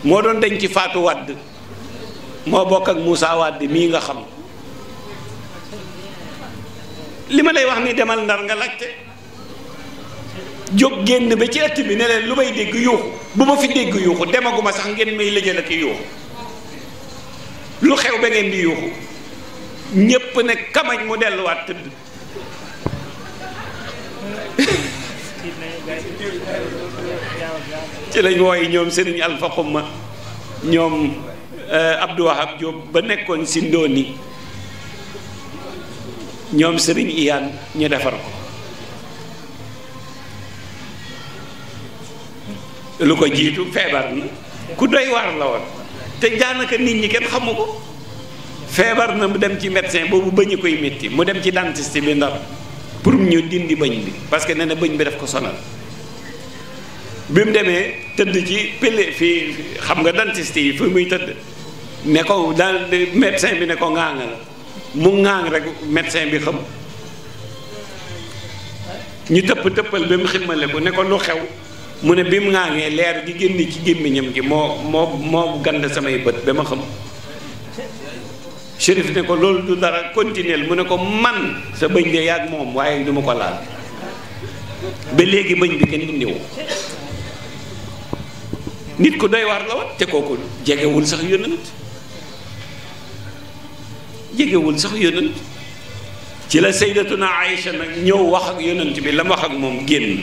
moo doon denc ci Faatu Wàdd moo bokk ak Moussa mii nga xam li ma lay wax ni demal ndar nga laajte jóg génn ba ci ëtt bi ne leen lu may dégg yuuxu bu ma fi dégg yuuxu demaguma sax ngeen may lëjal ak yuuxu lu xew ba ngeen di yuuxu ñépp ne kamañ mu delluwaat tëdd ci lañ wooy ñoom sëriñ Alfa Xumma ñoom euh, Abdou Wahab Diop ba nekkoon si ndóoni ñoom sëriñ Iyaan ñu defar ko lu ko jiitu feebar na ku doy waar la woon te daanaka nit ñi kenn xamu ko feebar na mu dem ci médecin boobu bëñ koy métti mu dem ci dentiste bi ndar pour ñu dindi bëñ bi parce que nee na bëñ bi def ko sonal bi mu demee tëdd ci pélé fii xam nga dentiste yi fi muy tëdd ne ko daal médecin bi ne ko ŋaanga mu ŋaang rek médecin bi xam ñu tëpp tëppal ba mu ximmale ko ne ko lu xew mu ne bi mu ngee leer gi génn ci gémmiñam gi moo moo moo gand samay bët ba ma xam shérif ne ko loolu du dara continuel mu ne ko man sa bëñ de yàgg moom waaye du ko laal ba léegi bëñ bi kenn dindiwu nit ku doy war la woon te kooku jegewul sax yónnant jegewul sax yónnant ci la saydatuna Aïcha nag ñëw wax ak yónnant bi la mu wax ak moom génn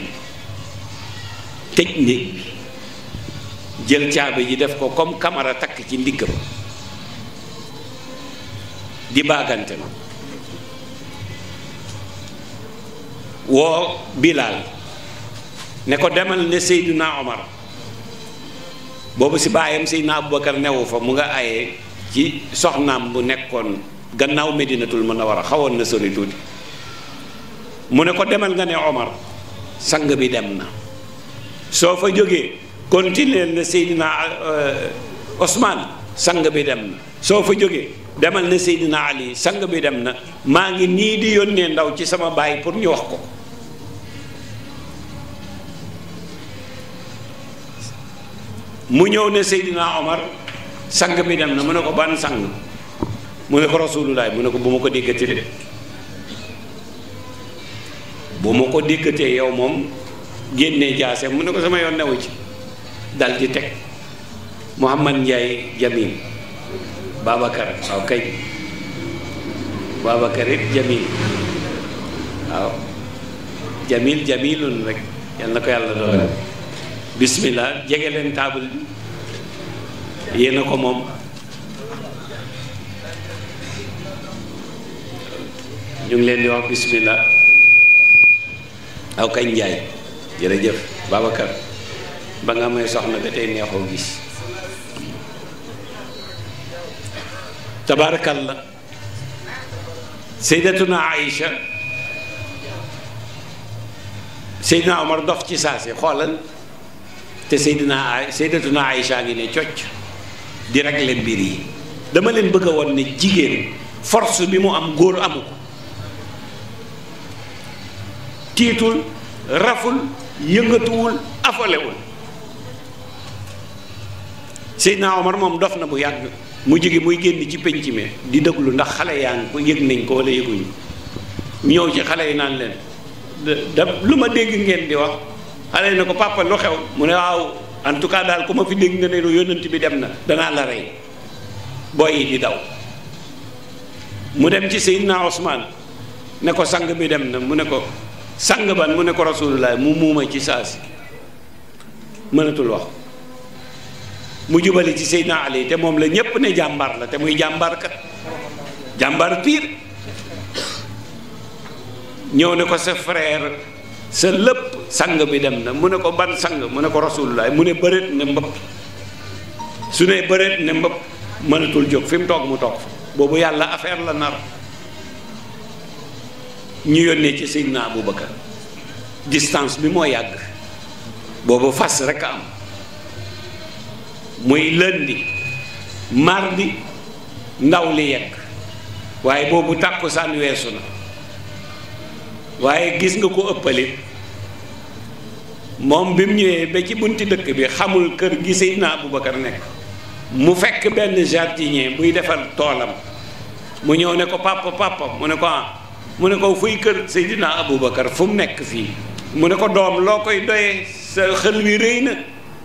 tëj néeg bi jël caabi ji def ko comme kamara takk ci ndigg ba di baagante na woo Bilaal ne ko demal ne Seydina Omar boobu si baayam Seydina Abubakar newu fa mu nga aye ci soxnaam bu nekkoon gannaaw Medinatul war a xawoon na sori mu ne ko demal nga ne Omar sang bi dem na soo fa jógee continuer na Seydina euh, osmaan sang bi dem na soo fa jógee demal na seydinaa Ali sang bi dem na maa ngi nii di yónnee ndaw ci sama baay pour ñu wax ko mu ñëw ne Seydina Omar sang bi dem na mu ne ko ban sang mu ne ko Rasulullah mu ne ko bu ma ko déggati de bu ma ko déggatee yow moom génnee jaase mu ne ko sama yoon newu ci dal di teg Mouhamad Ndiaye Jamil Babacar waaw kay Babacar it Jamil waaw Jamil Jamilun rek yal na ko yàlla dogal bismillah jege leen taabal bi yéen a ko moom ñu ngi leen di wax bismillah aw kañ njaay jërëjëf Babacar ba nga may soxna ba tey neexoo gis tabaarakalla saydatuna Aïcha Seydina Omar dof ci saa si xoolal te Seydina saydatuna Aïcha ngi ne cocc di régler mbir yi dama leen bëgg a woon ne jigéen force bi mu am góor amu ko tiitul raful yëngatuwul afalewul Seydina Omar moom dof na bu yàgg mu jigi muy génn ci penc mi di déglu ndax xale yaa ngi ko yëg nañ ko wala yëguñu ñëw ci xale yi naan leen da lu ma dégg ngeen di wax xale yi ne ko papa lu xew mu ne waaw en tout cas daal ku ma fi dégg nga ne yónnent bi dem na danaa la rey booy yi di daw mu dem ci Seydina Ousmane ne ko sang bi dem na mu ne ko sang ban mu ne ko rasulullah mu muuma ci saasi mënatul wax mu jubali ci Seydina Ali te moom la ñépp ne jàmbaar la te muy jàmbarkat jàmbar jàmbaar piir ñëw ne ko sa frère sa lépp sang bi dem na mu ne ko ban sang mu ne ko rasulullah mu ne bëreet ne mbëpp su ne bëreet ne mbëpp mënatul jóg fi mu toog mu toog boobu yàlla affaire la nar ñu yónnee ci Seydina Aboubacar distance bi moo yàgg boobu fas rek a am muy lundi mardi ndaw li yegg waaye boobu tàkkusaan weesu na waaye gis nga ko ëppalit moom bi mu ñëwee ba ci bunti dëkk bi xamul kër gi Seydina Aboubacar nekk mu fekk benn jardinier muy defar toolam mu ñëw ne ko papa papa mu ne ko ah, mu ne ko fuy kër abu Aboubacar fu mu nekk fii mu ne ko doom loo koy doyee sa xel wi rëy na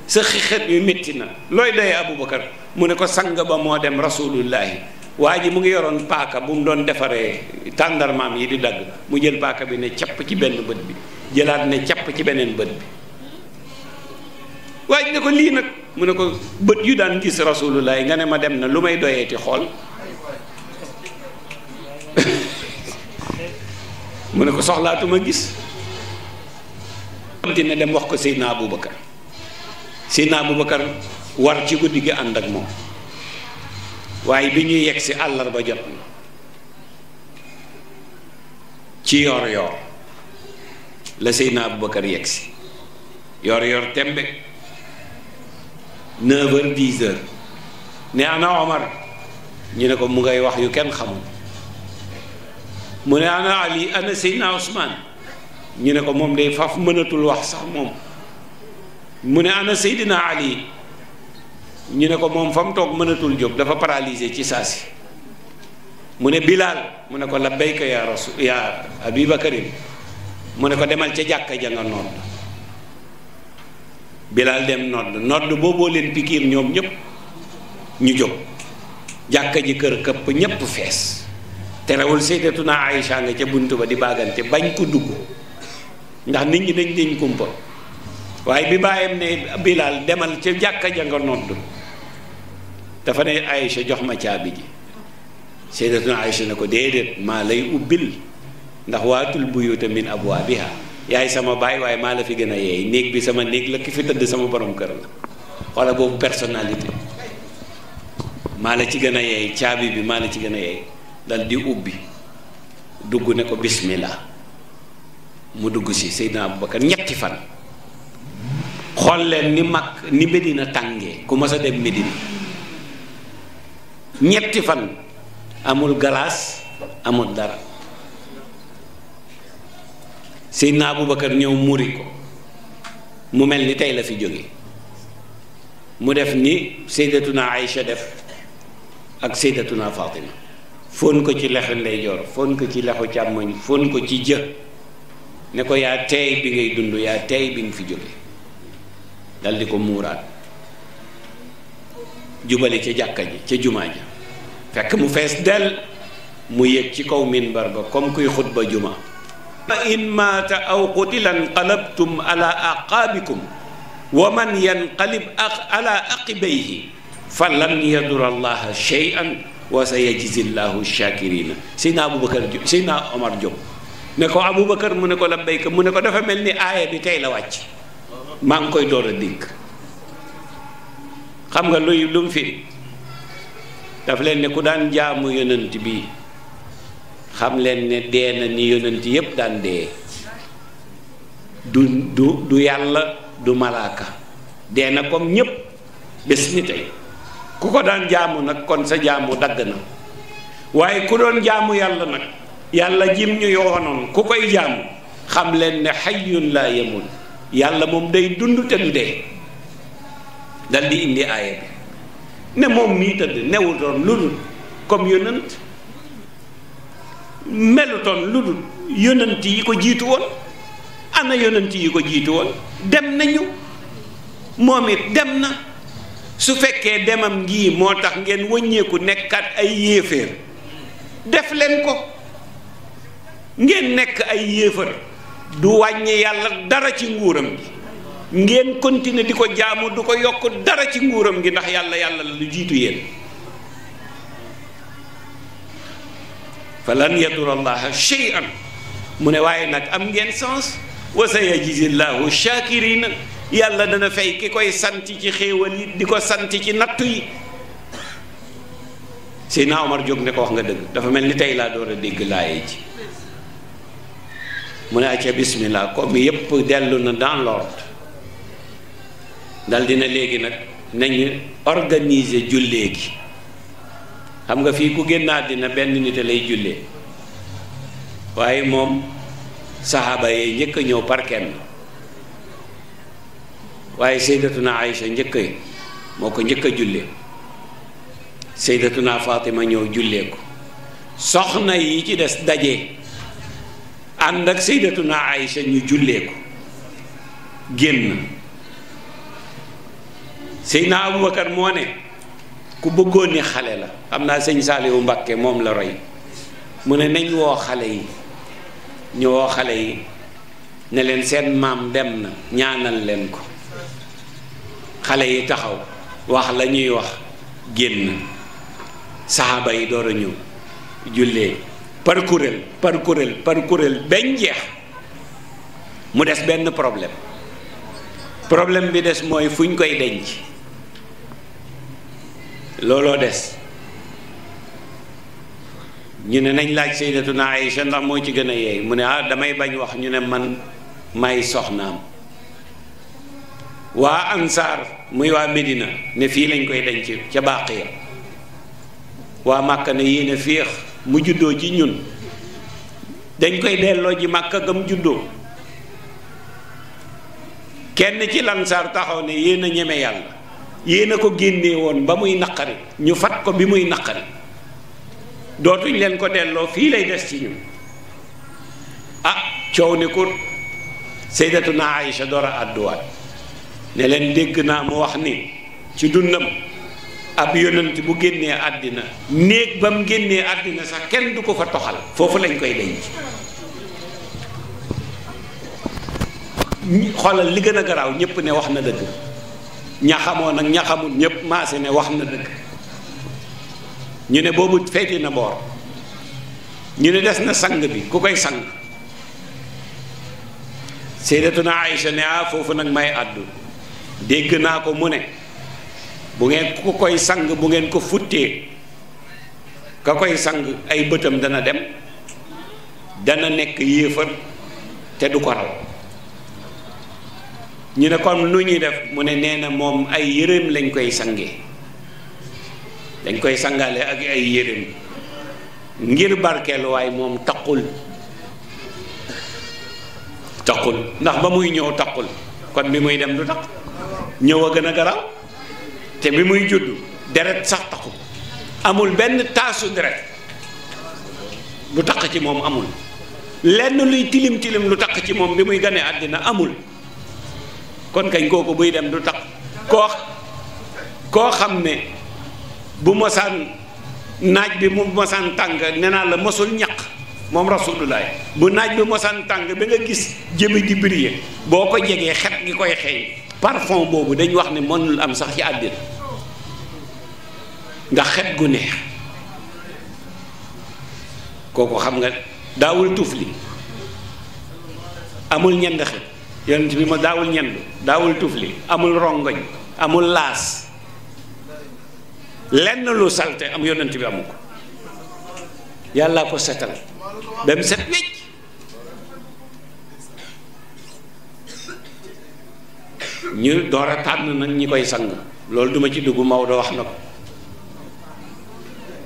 sa xixet wi metti na looy doyee Aboubacar mu ne ko sang ba moo dem rasulullahi waa ji mu ngi yoroon paaka bu mu doon defaree tàndarmaam yi di dagg mu jël paaka bi ne capp ci benn bët bi jëlaat ne capp ci beneen bët bi waa ji ne ko lii nag mu ne ko bët yu daan gis rasulullah nga ne ma dem na lu may doyee doyeeti xool mu ne ko soxlaatuma gis amti ne dem wax ko Seydina Aboubacar Seydina Aboubacar war ci guddi gi ànd ak moom waaye bi ñuy yegg si àllarba jot na ci yor yor la Seydina Aboubacar yegg si yor yor tembe 9 heures 10 heures ne ana Omar ñu ne ko mu ngay wax yu kenn xamul mu ne ana ali ana seydna ousmane ñu ne ko moom day faf mënatul wax sax moom mu ne ana seydina ali ñu ne ko moom fa toog mënatul jóg dafa paralise ci saa si mu ne bilaal mu ne ko labbayka ya rasul ya abi bakarin mu ne ko demal ca jàkka ja nga nodd bilaal dem nodd nodd booboo leen pikiir ñoom ñëpp ñu jóg jàkka ji kër këpp ñépp fees terewul sayyidatuna Aïcha nga ca bunt ba di baagante bañ ko dugg ndax nit ñi dañ dañ kumpa waaye bi bàyyam ne Bilaal demal ca jàkka ja nga nodd dafa ne Aïcha jox ma caabi ji sayyidatuna Aïcha ne ko déedéet maa lay ubbil ndax waatul buyuta min abwaabiha yaay sama baay waaye maa la fi gën a yeey néeg bi sama néeg la ki fi tëdd sama borom kër la walla boobu personnalité maa la ci gën a yeey caabi bi maa la ci gën a yeey dal di ubbi dugg ne ko bismillah mu dugg si Seydina Abubakar ñetti fan xool leen ni mag ni Medina tàngee ku mas a dem Medina ñetti fan amul galaas amul dara Seydina Abubakar ñëw muri ko mu mel ni tey la fi jóge mu def ni Seydatuna Aïcha def ak Seydatuna Fatima fóon ko ci lexu ndeyjoor fóon ko ci lexu càmmoñ fóon ko ci jë ne ko yaa teey bi ngay dund yaa teey bi nga fi jóge dal ko muuraat jubali ca jàkka ji ca jumaa ji fekk mu fees del mu yéeg ci kaw minbar ba comme kuy xutba juma in maata aw qutila nqalabtum ala aqaabikum wa man yanqalib ala aqibayhi fa lan yadura allaha shay'an waa sa yajzillahu shakirina Seydina Aboubacar Seydina Omar Diop ne ko Aboubacar mu ne ko la labbayka mu ne ko dafa mel ni aaya bi tey la wàcc maa ngi koy door a dénk xam nga luy lu mu firi daf leen ne ku daan jaamu yonent bi xam leen ne dee na ni yonent yépp daan dee du du du yàlla du malaaka dee na comme ñépp bés ni tey ku ko daan jaamu nag kon sa jaamu dagg na waaye ku doon jaamu yàlla nag yàlla jim ñu yoonoon ku koy jaamu xam leen ne xayyun laa yemul yàlla moom day dund te du dee dal indi aaya bi ne moom mii tëdd newutoon lu dul comme yonant melutoon lu dul yonant yi ko jiitu woon ana yonant yi ko jiitu woon dem nañu moom it dem na su fekkee demam ngi moo tax ngeen wëññeeku nekkaat ay yéeféer def leen ko ngeen nekk ay yéefar du wàññi yàlla dara ci nguuram gi ngeen continuer di ko jaamu du ko yokk dara ci nguuram gi ndax yàlla yàlla la lu jiitu yéen falan yadur allaha shay'an mu ne waaye nag am ngeen sens wa sayajizillahu shakirina yàlla dana fay ki koy sant ci xéewal yi di ko sant ci nattu yi Seydina Omar jóg ne ko wax nga dëgg dafa mel ni tey laa door a dégg laaye ji mu ne acca bismillah comme yépp dellu na dans l'ordre dal dina léegi nag nañu organiser jullee gi xam nga fii ku génn dina benn nit a lay jullee waaye moom saxaaba yee njëkk ñëw par kenn waaye saydatuna Aïcha njëkk moo ko njëkk a jullee saydatuna Fatima ñëw jullee ko soxna yi ci des daje ànd ak saydatuna Aïcha ñu jullee ko génn Seydina Abubakar moo ne ku bëggoon ni xale la xam naa sëñ Saaliwu Mbàkke moom la roy mu ne nañ woo xale yi ñu woo xale yi ne leen seen maam dem na ñaanal leen ko xale yi taxaw wax la ñuy wax génn saxaaba yi door a ñëw jullee parcourir parcourir parcourir benn jeex mu des benn problème problème bi des mooy fu ñu koy denc looloo des ñu ne nañ laaj sayyidatuna Aïcha ndax moo ci gën a yeey mu ne ah damay bañ wax ñu ne man may soxnaam waa ansaar muy waa Medina ne fii lañ koy denc ca bàq ya waa Màkka ne yéen a mu juddoo ci ñun dañ koy delloo ji ga mu juddoo kenn ci lansaar taxaw ne yéen a ñeme yàlla yéen a ko génnee ba muy naqari ñu fat ko bi muy naqari dootuñ leen ko delloo fii lay des ci ñun ah coow ne ko Sayyidatuna Aïcha door a àdduwaat ne leen dégg naa mu wax ni ci dundam ab yonent bu génnee àddina néeg ba mu génnee àddina sax kenn du ko fa toxal foofu lañ koy denc xoolal li gën a garaaw ñépp ne wax na dëgg ñaxamoon xamoon ak ña ñépp maase ne wax na dëgg ñu ne boobu feeti na boor ñu ne des na sang bi ku koy sang Sayyidatuna Aïcha ne ah foofu nag may àddu dégg naa ko mu ne bu ngeen ku koy sang bu ngeen ko futtee ka koy sang ay bëtam dana dem dana nekk yéefar te du ko raw ñu ne kon nu ñuy def mu ne nee na moom ay yëreem lañ koy sangee dañ koy sangaale ak ay yëreem ngir barkeel waaye moom taqul taqul ndax ba muy ñëw taqul kon bi muy dem du taq ñëw a gën a garaaw te bi muy judd deret sax taxu amul benn taasu deret bu taq ci moom amul lenn luy tilim tilim lu takk ci moom bi muy ganee àddina amul kon kañ kooku buy dem du taq koo xam ne bu mosaan naaj bi mu mosaan tàng nee naa la mosul ñaq moom rasulullah bu naaj bi mosaan tàng bi nga gis jëmi di briller boo ko jegee xet gi koy xeeñ parfum boobu dañ wax ne mënul am sax ci àddina ndax xet gu neex kooku xam nga daawul tuuf tufli amul ñend xet yonent bi ma daawul ñend daawul tuuf tufli amul rongoñ amul laas lenn lu salte am yonent bi amu ko yàllaa ko setal ba set wecc ñu door a tànn nag ñi koy sang loolu duma ci dugg Maodo wax na ko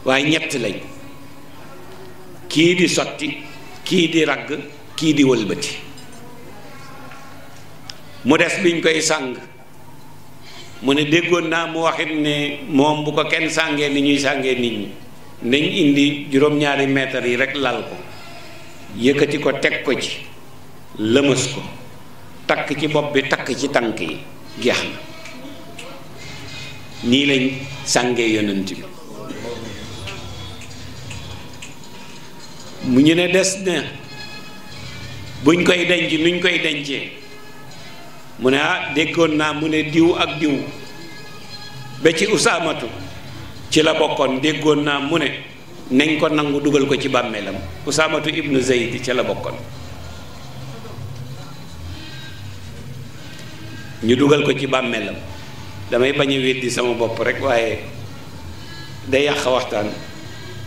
waaye ñett lañ kii di sotti kii di ragg kii di wëlbati mu des biñ koy sang mu ne déggoon naa mu waxit ne moom bu ko kenn sàngee ni ñuy sàngee nit ñi nañ indi juróom-ñaari mètre yi rekk lal ko yëkkati ko teg ko ci lëmas ko takk ci bopp bi takk ci tànk yi jeex na nii lañ sàngee yonent bi mu ñu ne des na buñ koy denc nuñ koy dencee mu ne ah déggoon naa mu ne diw ak diw ba ci usaamatu ci la bokkoon déggoon naa mu ne nañ ko nangu dugal ko ci bàmmeelam usaamatu ibnu zeyd ci la bokkoon ñu dugal ko ci bàmmeelam damay bañ a weddi sama bopp rek waaye day yàq waxtaan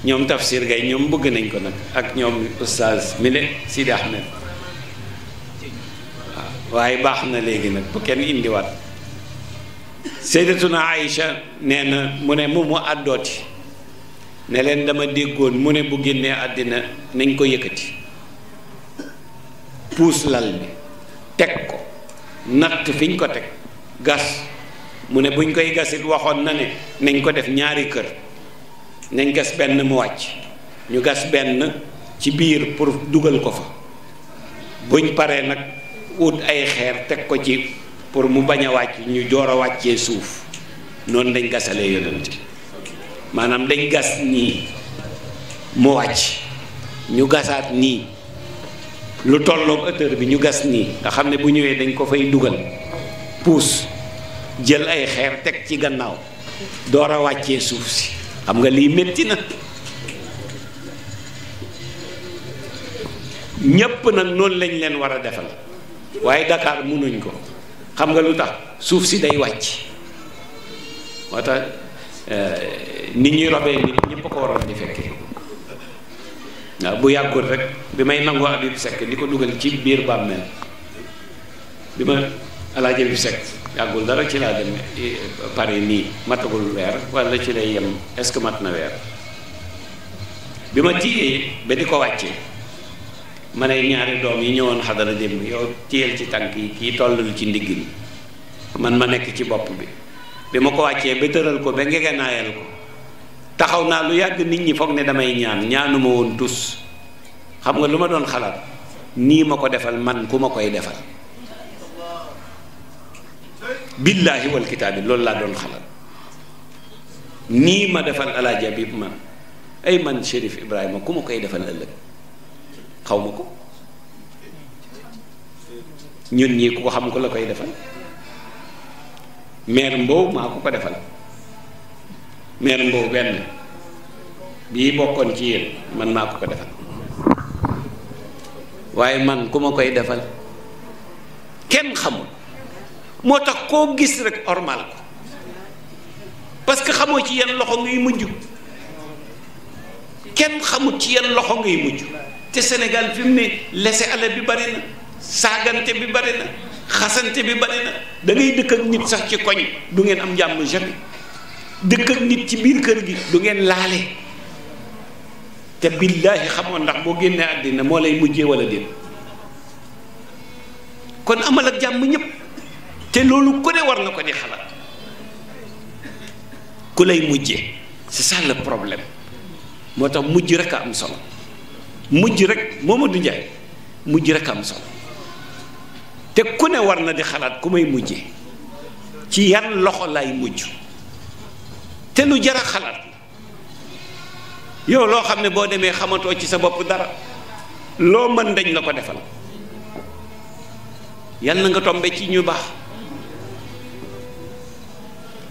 ñoom tafsir gay ñoom bëgg nañ ko nag ak ñoom oustaz mi le Sidi waaye baax na léegi nag bu kenn indiwaat Sayyidatuna Aïcha nee na mu ne mu mu àddooti ne leen dama déggoon mu ne bu génnee àddina nañ ko yëkkati puus lal bi teg ko natt fiñ ko teg gas mu ne buñ koy gasit waxoon na ne nañ ko def ñaari kër nañ gas benn mu wàcc ñu gas benn ci biir pour dugal ko fa buñ paree nag wut ay xeer teg ko ci pour mu bañ a wàcc ñu joor a wàccee suuf noonu dañ gasalee yonent maanaam dañ gas nii mu wàcc ñu gasaat nii lu tolloog hauteur bi ñu gas nii nga xam ne bu ñëwee dañ ko fay dugal puus jël ay xeer teg ci gannaaw door a wàccee suuf si xam nga lii métti na ñépp nag noonu lañ leen war a defal waaye Dakar mënuñ ko xam nga lu tax suuf si day wàcc moo tax eh, nit ñuy robee nit ñépp ko waroon di fekkee waaw bu yàggul rek bi may nangoo Habib Seck di ko dugal ci biir bàmmeel bi ma alaaji bi Seck yàggul dara ci laa dem eh, Paris nii matagul weer wala ci lay yem est-ce que mat na weer bi ma tiggee ba di ko wàcce ma ne ñaari doom yi ñëwoon xadara démb yow téyel ci tànk yi kii tollal ci ndigg li man ma nekk ci bopp bi bi ma ko wàccee ba tëral ko ba ngegenaayal ko taxaw naa lu yàgg nit ñi foog ne damay ñaan ñaanuma woon tus xam nga lu ma doon xalaat nii ma ko defal man ku ma koy defal billaahi wal kitaabi loolu laa doon xalaat nii ma defal alaaji Habib man ay man Chérif Ibrahima ku ma koy defal ëllëg xaw ma ko ñun ñii ku ko xam ku la koy defal meer Mbow maa ko ko defal meer Mbow benn bii bokkoon ci yéen man maa ko ko defal waaye man ku ma koy defal kenn xamul moo tax koo gis rek ormal ko parce que xamoo ci yenn loxo ngay mujj kenn xamut ci yan loxo ngay mujj te Sénégal fi mu ne laisser-aller bi bari na saagante bi bari na xasante bi bari na da ngay dëkk nit sax ci koñ du ngeen am jàmm jamais dëkk ak nit ci biir kër gi du ngeen laale. te billaahi xamoon ndax moo génnee àddina moo lay mujjee wala déet kon amal a jàmm ñëpp te loolu ku ne war na ko di xalaat ku lay mujjee si ça problème moo tax mujj rek a am solo mujj rek Momadou Ndiaye mujj rek a am solo te ku ne war na di xalaat ku may mujjee ci yan loxo laay mujj te lu jar xalaat. yow loo xam ne boo demee xamatoo ci sa bopp dara loo mën dañ la ko defal yal na nga tombe ci ñu baax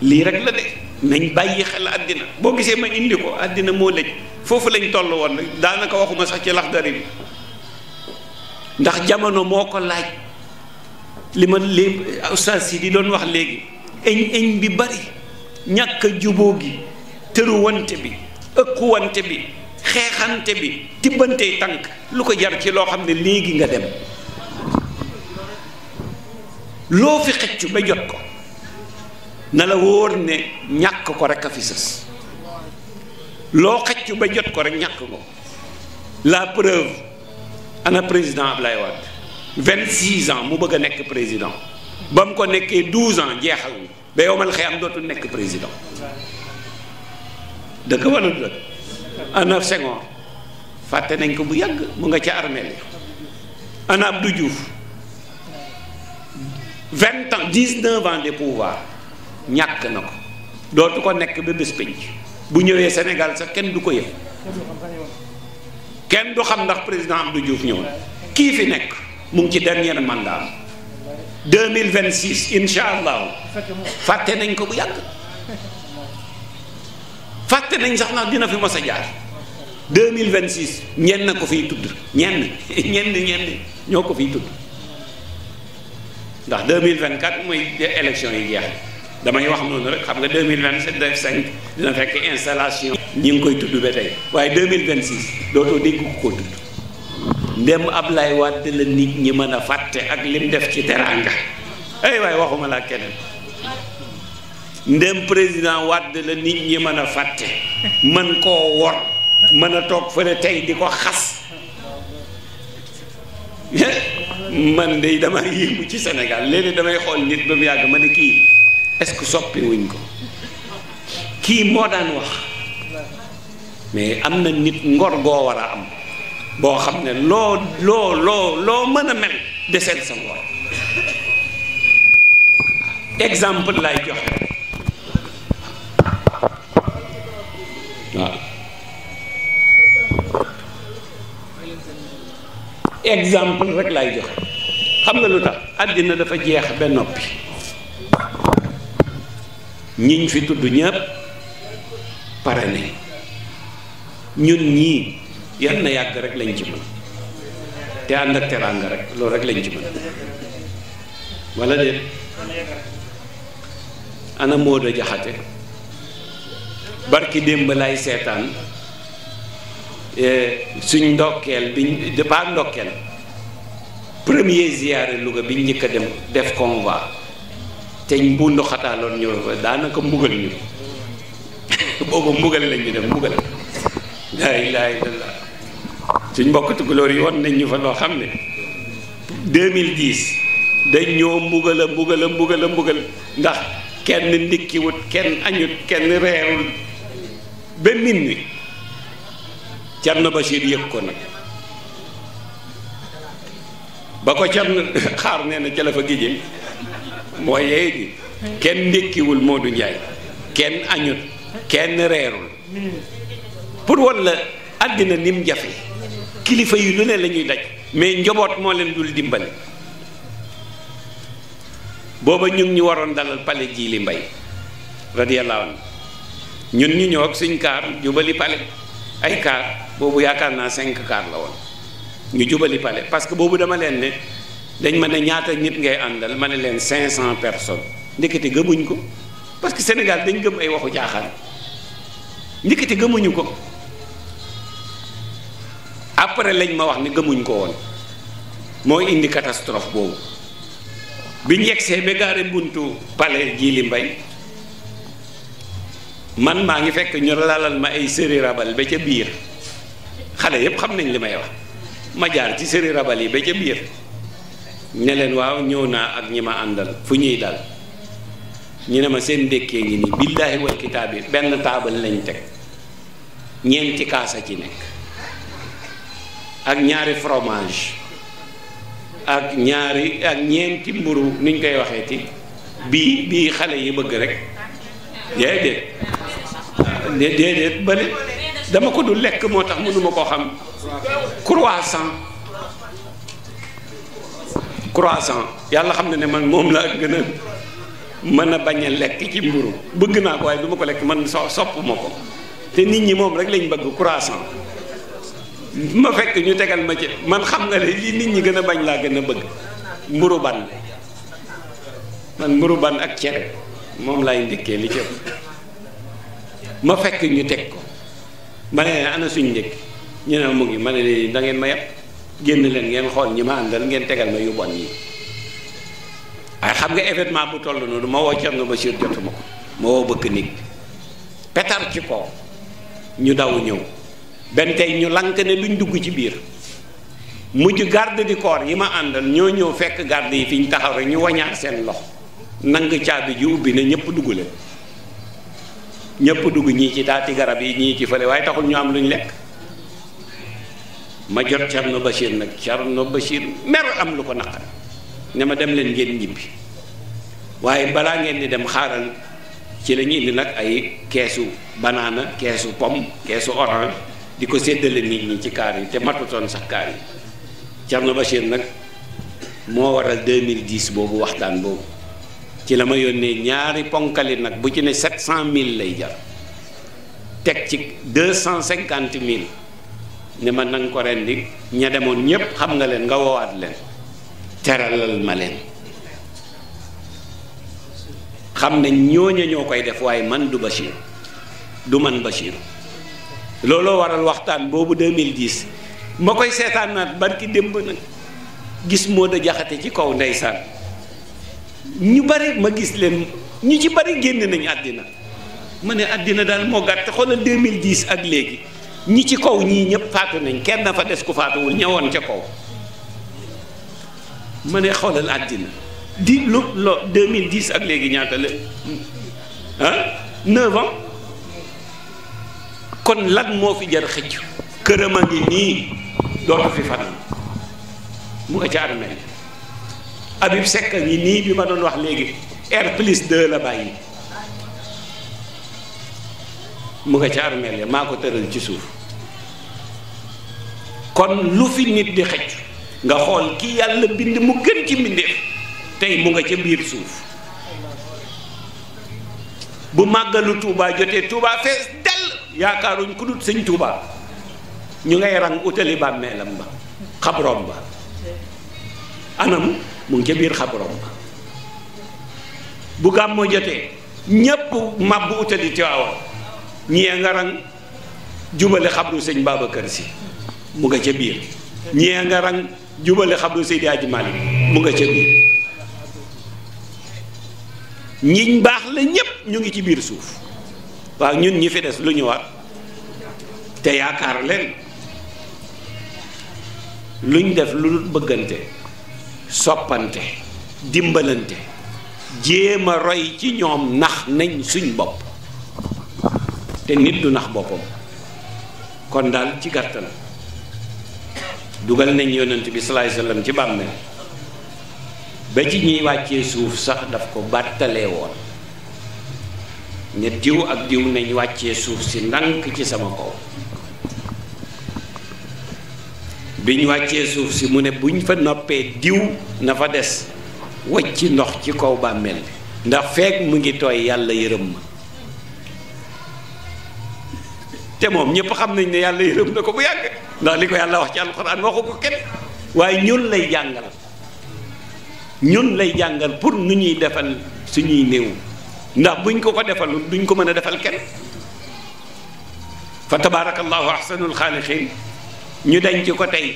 lii rek la de nañ bàyyi xel àddina boo gisee ma indi ko àddina moo lëj foofu lañ toll woon daanaka waxuma sax ci laxdari bi ndax jamono moo ko laaj li ma li sa yi di doon wax léegi eñ eñ bi bari ñàkk juboo gi tëru tëruwante bi ëkkuwante bi xeexante bi tibbante tànk lu ko jar ci loo xam ne léegi nga dem loo fi xëccu ba jot ko na la wóor ne ñàkk ko rek a fi sës loo xëccu ba jot ko rek ñàkk ko la preuve ana président lay wat vingt six ans mu bëgg a nekk président ba mu ko nekkee douze ans jeexal ba yow mal am dootul nekk président dëgg wala du dëgg ana Senghor fàtte nañ ko bu yàgg mu nga ci armeel yi ana Abdou Diouf vingt ans dix-neuf ans de pouvoir ñàkk na ko dootu ko nekk ba bés pénc bu ñëwee Sénégal sax kenn du ko yëg kenn du xam ndax président Abdou Diouf ñëw na kii fi nekk mu ngi ci dernier mandat 2026 incha allah fàtte nañ ko bu yàgg fàtte nañ sax na dina fi mille vingt jaar 2026 na ko fiy tudd ñenn ñenn ñenn ñoo ko fiy tudd ndax 2024 mooy élection yi jeex damay wax noonu rek xam nga 2027 def 5 dina fekk installation ñi ngi koy tudd ba tey waaye 2026 dootoo dégg ku ko tudd ndem Ablaye Wade la nit ñi mën a fàtte ak lim def ci teraanga ay eh, waay waxuma laa keneen ndém président Wade la nit ñi mën a fàtte mën koo wor mën a toog fële tey di ko xas man de dama yéemu ci Sénégal léeg damay xool nit ba mu yàgg ma ne kii est-ce que soppi wuñ ko kii moo daan wax mais am na nit ngor goo war a am boo xam ne loo loo loo loo mën a mel deseen sa ngor exemple lay joxe waaw exemple rek laay joxe xam nga lu tax àddina dafa jeex ba noppi ñiñ fi tudd ñëpp pare ne ñun ñii yan na yàgg rek lañ ci mën te ànd ak teraanga rek loolu rek lañ ci mën wala déet ana Mooda Jaxate barki démb lay seetaan eh, suñ ndokkeel biñ pas ndokkeel premier ziyaare Louga biñ njëkk a dem def convoi te mbundu xataaloon ñu daanaka mbugal ñu boobu mbugal lañu dem mbugal laa ilaaha illallaah suñ mbokk tukulóor yi won nañ ñu fa loo xam ne 2010 dañ ñoo mbugal a mbugal a mbugal a mbugal ndax kenn ndikkiwut kenn añut kenn reerul ba minuit Thierno Bachir yëg ko nag ba ko Thierno xaar nee na ca la fa gijee mooy yee ji kenn ndékkiwul Modou Ndiaye kenn añut kenn reerul pour wan la àddina nim jafe kilifa yi lu ne la daj mais njaboot moo leen dul dimbali booba ñu ngi ñu waroon dalal pale ji li mbay radiyallahu ñun ñu ñëw ak suñ kaar jubali pale ay kaar boobu yaakaar naa cinq kaar la woon ñu jubali pale parce que boobu dama leen ne dañ ma ne ñaata nit ngay àndal ma ne leen cinq cent personnes ndekete gëmuñ ko parce que Sénégal dañ gëm ay waxu jaaxaan ndekete gëmuñu ko après lañ ma wax ne gëmuñ ko woon mooy indi catastrophe boobu biñ yegsee ba gaare buntu pale ji li mbay man maa ngi fekk ñu lalal ma ay séri rabal ba ca biir xale yépp xam nañ li may wax ma ci séri rabal yi ba ca biir ne leen waaw ñëw naa ak ñi ma àndal fu ñuy dal ñu ne ma seen ndékkee ngi nii billaahi wal kitaab yi benn taabal lañ teg ñeenti kaasa ci nekk ak ñaari fromage ak ñaari ak ñeenti mburu nuñ koy waxeeti bii bii xale yi bëgg rek déedéet déedéet bële dama ko du lekk moo tax mënuma koo xam croissant croissant yàlla xam na ne man moom laa gën a mën a bañ a lekk ci mburu bëgg naa ko waaye du ma ko lekk man so sopp ko te nit ñi moom rek lañ bëgg croissant ma fekk ñu tegal ma ci man xam nga ne li nit ñi gën a bañ laa gën a bëgg mburu ban man mburu ban ak cere moom laay ndikkee li ci ma fekk ñu teg ko ma ne leen ana njëkk ñu ne mu ngi ma ne leen da ngeen ma yàpp génn leen ngeen xool ñi ma àndal ngeen tegal ma yu bon yi waaye xam nga événement bu toll noonu ma woo Thierno Bachir jotuma ko ma woo bëgg nit petar ci ko ñu daw ñëw benn tey ñu lank ne luñ dugg ci biir mujj garde di koor yi ma àndal ñoo ñëw fekk garde yi fi ñu taxaw rek ñu wañaar seen lox nang caabi ji ubbi na ñëpp dugg leen ñëpp dugg ñii ci taati garab yi ñii ci fële waaye taxul ñu am luñ lekk ma jot Thierno Bachir nag Thierno Bachir mer am lu ko naqar ne ma dem leen ngeen ñibbi waaye balaa ngeen di dem xaaral ci la indi nag ay keesu banaana keesu pomme keesu orange di ko séddale nit ñi ci kaar yi te matutoon sax kaar yi Thierno nag moo waral 2010 boobu waxtaan boobu. ci la ma yónnee ñaari ponkali nag bu ci ne sept cent mille lay jar teg ci deux cent cinquante mille ne ma nanga ko rendi ña demoon ñépp xam nga leen nga woowaat leen teralal ma leen xam ne ñooña ñoo koy def waaye man du Bachir du man Bachir looloo waral waxtaan boobu 2010 ma koy seetaan barki démb nag gis moo da jaxate ci kaw ndeysaan ñu bari ma gis leen ñi ci bari génn nañ àddina ma ne àddina daal moo gàtt xoolal 2010 ak léegi ñi ci kaw ñii ñëpp faatu nañ kenn fa des ku faatuwul ñëwoon ca kaw ma ne xoolal àddina di lu lo 2010 ak léegi ñaata la ah 9 ans kon lan moo fi jar xëcc kërama a ngi nii doo ko fi fanaan mu nga ca armée Habib sekk a ngi nii bi ma doon wax léegi R plus 2 la bàyyi mu nga ca armeel ya maa ko tëral ci suuf kon lu fi nit di xëcc nga xool ki yàlla bind mu gën ci mbindeef tey mu nga ca biir suuf bu màggalu Touba jotee Touba fees dell yaakaaruñ ku dut sëñ ñu ngay rang utali bàmmeelam ba xabroom ba anam mu ngi ca biir xabarom ba bu gàmmoo jotee ñépp mabbu utali Tiwaawan ñee nga rang jubale xabru sëñ Babacar Si mu nga ca biir ñee nga rang jubale xabru Seydi Hadji Malick mu nga ca biir ñiñ baax la ñépp ñu ngi ci biir suuf waaw ñun ñi fi des lu ñu war te yaakaar leen luñ def lu bëggante soppante dimbalante jéem a roy ci ñoom nax nañ suñ bopp te nit du nax boppam kon dal ci gàttal dugal nañ yonent bi salaay sallam ci bàmmeel ba ci ñuy wàccee suuf sax daf ko bàttalee woon ne diw ak diw nañu wàccee suuf si ndànk ci sama kow bi ñu wàccee suuf si mu ne buñ fa noppee diw na fa des wacc ndox ci kaw bàmmeel bi ndax feek mu ngi tooy yàlla yërëm ma te moom ñëpp xam nañ ne yàlla yërëm na ko bu yàgg ndax li ko yàlla wax ci alxuraan waxu ko kenn waaye ñun lay jàngal ñun lay jàngal pour nu ñuy defal suñuy néew ndax buñ ko ko defalul duñ ko mën a defal kenn fa tabaarakallaahu ahsanul xaaliqiin ñu denc ko tey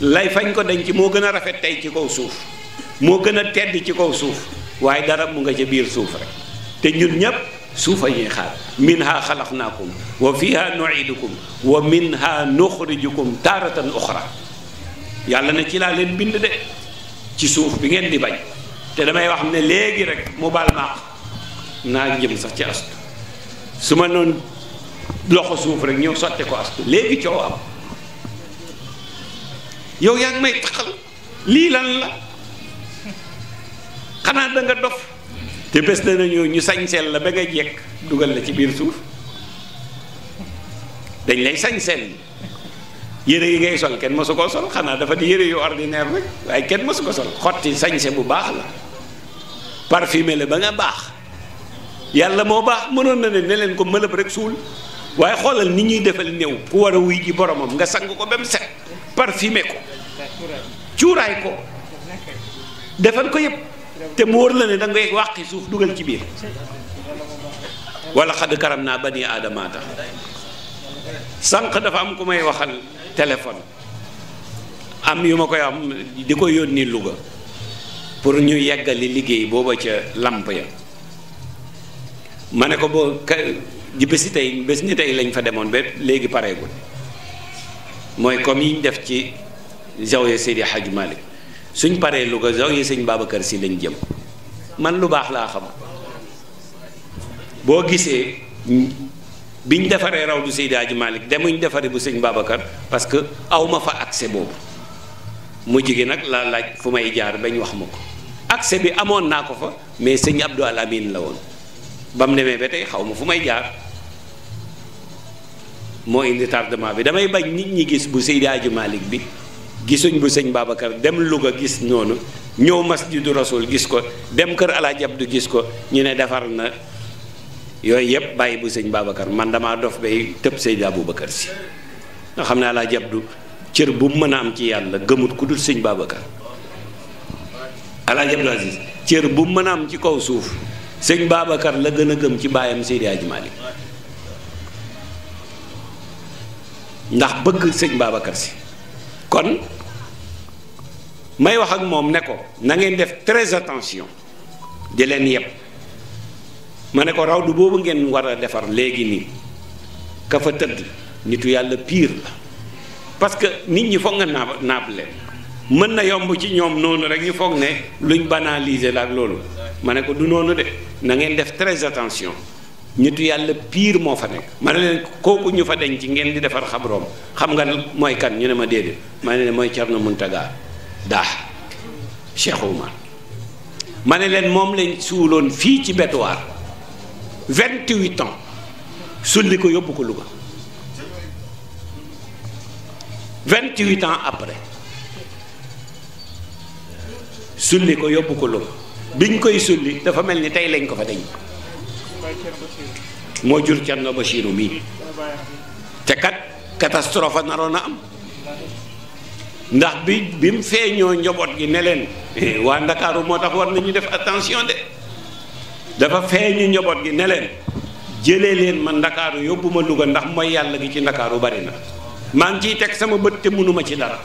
lay fañ ko denc moo gën a rafet tey ci kaw suuf moo gën a tedd ci kaw suuf waaye dara mu nga ca biir suuf rek te ñun ñépp suufa ñuy xaar minha xalaqnaakum wa fiha nuidukum wa minha nuxrijukum taaratan uxra yàlla na ci laa leen bind de ci suuf bi ngeen di bañ te damay wax ne léegi rek mu baal maax naa jëm sax ci astu su ma noon loxo suuf rek ñëw sotti ko astu léegi coow am yow yaa ngi may taxal lii lan la xanaa da nga dof te bés dana ñëw ñu sañseel la ba nga jekk dugal la ci biir suuf dañ lay sañseel yére yi ngay sol kenn mësu koo sol xanaa dafa di yére yu ordinaire rek waaye kenn mësu ko sol xotti sañse bu baax la parfumé la ba nga baax yàlla moo baax mënoon na ne ne leen ko mëlëb rek suul waaye xoolal nit ñuy defal néew ku war a wuy ji boromam nga sang ko ba mu set parfumé ko cuuraay ko defal ko yëpp te mu wóor la ne da ngay wàqi suuf dugal ci biir walla xadd karam naa bani aadama tax sànq dafa am ku may waxal téléphone am yu ma koy am di ko yónni Louga pour ñu yeggali liggéey booba ca làmp ya ma ne ko boo ji bési tey bés ni tey lañ fa demoon ba léegi pareegul mooy comme yi ñu def ci zawiya Seydi Hadji Malick suñ paree lu ko zawiya sëñ Babacar Si lañ jëm man lu baax laa xam boo gisee biñ defaree raw du Seydi Hadji dem demuñ defaree bu sëñ Babacar parce que awma fa accès boobu mujj gi nag laa laaj fu may jaar bañ wax ma ko accès bi amoon naa ko fa mais sëñ Abdou Alamine la woon ba mu demee ba tey xaw ma fu may jaar moo indi tardement bi damay bañ nit ñi gis bu Seydi Hadji bi gisuñ bu sëñ Babacar dem Louga gis noonu ñëw masjidu rasul gis ko dem kër Alaaji Abdu gis ko ñu ne defar na yooyu yëpp bàyyi bu sëñ Babacar man damaa dof bay tëb Seydi Aboubacar si nga xam ne Alaaji Abdu cër bu mu mën a am ci yàlla gëmut ku dul sëñ Babacar Alaaji Abdu Aziz cër bu mu mën a am ci kaw suuf sëñ Babacar la gën a gëm ci baayam Seydi Hadji Malick ndax bëgg sëñ Babacar si kon may wax ak moom ne ko na ngeen def très attention di leen yeb ma ne ko rawdu boobu ngeen war a defar léegi nii kafa fa tëdd nitu yàlla piir la parce que nit ñi foog nga naab naab leen mën na yomb ci ñoom noonu rek ñu foog ne luñ banaliser la loolu ma ne ko du noonu de na ngeen def très attention nitu yàlla piir moo fa nekk ma ne leen kooku ñu fa deñ ci ngeen di defar xabroom xam nga mooy kan ñu ne ma déedéet ma leen mooy Cerno Muntaga daa Cheikh ma ne leen moom lañ suuloon fii ci Betuwaar 28 ans sulli ko yóbbu ko Louga 28 ans après sulli ko yóbbu ko Louga biñ koy sulli dafa mel ni tey lañ ko fa deñ moo jur Cerno Basiiru mii te kat catastrophe naroon na am ndax bi bi mu feeñoo njaboot gi ne leen eh, waa Ndakaaru moo tax war nañu def attention de dafa feeñu njaboot gi ne leen jëlee leen ma Ndakaaru yóbbu ma Louga ndax mooy yàlla gi ci Ndakaaru bari na maa ngi ciy teg sama bët te mënuma ci dara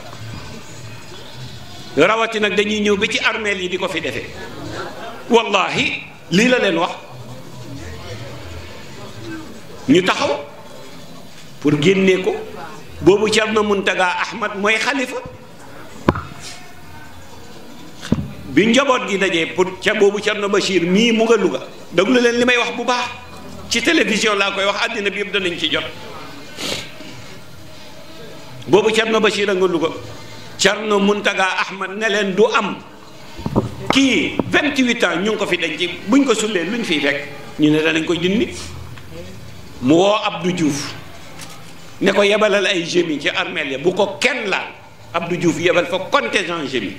rawatina nag dañuy ñëw ba ci armeel yi di ko fi defee wallahi lii la leen wax ñu taxaw pour génnee ko boobu na mun tagaa Ahmad mooy xalifa bi njaboot gi dajee pour ca boobu Cerno Bachir mii mu nga Louga déglu leen li may wax bu baax ci télévision laa koy wax àddina bi yëpp danañ ci jot boobu Cerno Bachir a nga Louga Thierno Mountaga Ahmad ne leen du am kii 28 ans ñu ngi ko fi denc buñ ko sulee luñ fiy fekk ñu ne danañ ko dindi mu woo Abdou juuf ne ko yebalal ay gémi ci armeel ya bu ko kenn laal Abdou Diouf yebal fa contingent gémi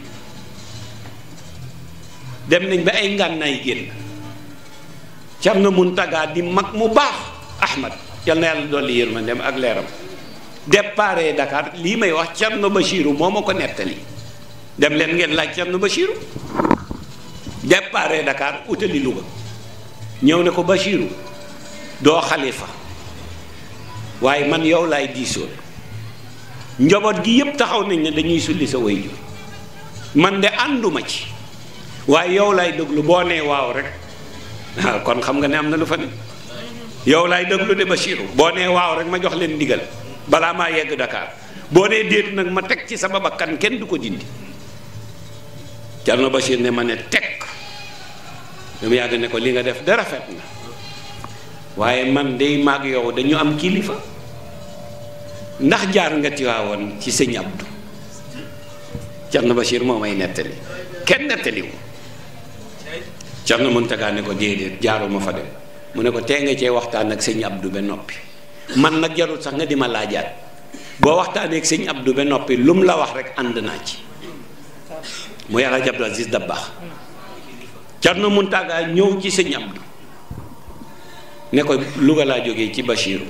dem nañ ba ay ngànnaay génn Thierno Mountaga di mag mu baax Ahmad yal na yàlla dolli yërmandeem ak leeram dépare Dakar lii may wax Thierno Bachirou moo ma ko nettali dem leen ngeen laaj Thierno Bachirou dépare Dakar utali Louga ñëw ne ko Bachirou doo xalifa waaye man yow laay diisool njaboot gi yépp taxaw nañ ne dañuy sulli sa waajur man de ànduma ci waaye yow laay déglu boo nee waaw rek ah, kon xam nga ne am na lu fa ne yow laay déglu de Bachirou boo nee waaw rek ma jox leen ndigal balaa maa yegg Dakar boo dee déet nag ma teg ci sama bakkan kenn du ko dindi Thierno Bachir ne ma ne teg dama yàgg ne ko li nga def dara rafet na waaye man day maag yow dañu am kilifa ndax jaar nga Tiwaawoon ci sëñ Abdou Thierno Bachir moo may nettali kenn nettaliwu Thierno Mountaga ne ko déedéet jaaruma fa dem mu ne ko tee nga cee waxtaan ak sëñ Abdou ba noppi man nag jarul sax nga di ma laa laajaat boo waxtaanee ak sëñ Abdou ba noppi lu mu la wax rek ànd naa ci muy Alaaji Abdou Aziz Dabakh Cerno Muntaga ñëw ci sëñ Abdou ne ko Louga laa jógee ci Bachiru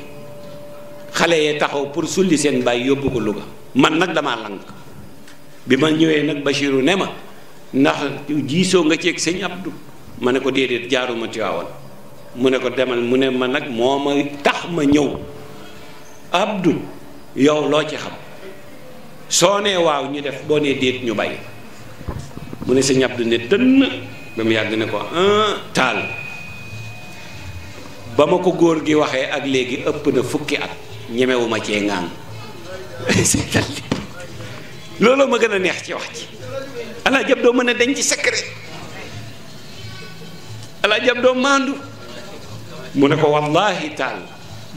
xale yee taxaw pour sulli seen baay yóbbu ko Louga man nag damaa lank bi ma ñëwee nag Bachiru ne ma ndax jiisoo nga ceeg sëñ Abdou ma ne ko déedéet jaaruma Tiwaawan mu ne ko demal mu ne ma nag moo ma tax ma ñëw Abdou yow loo ci xam soo nee waaw ñu def boo nee déet ñu bàyyi mu ne sëñ Abdou ne tënn ba yàgg ne ko taal ba ma ko góor gi waxee ak léegi ëpp na fukki at ñemewuma cee ŋaan looloo ma gën a neex ci wax ci alaajab doo mën a denc secret alaajab doo maandu mu ne ko wallahi taal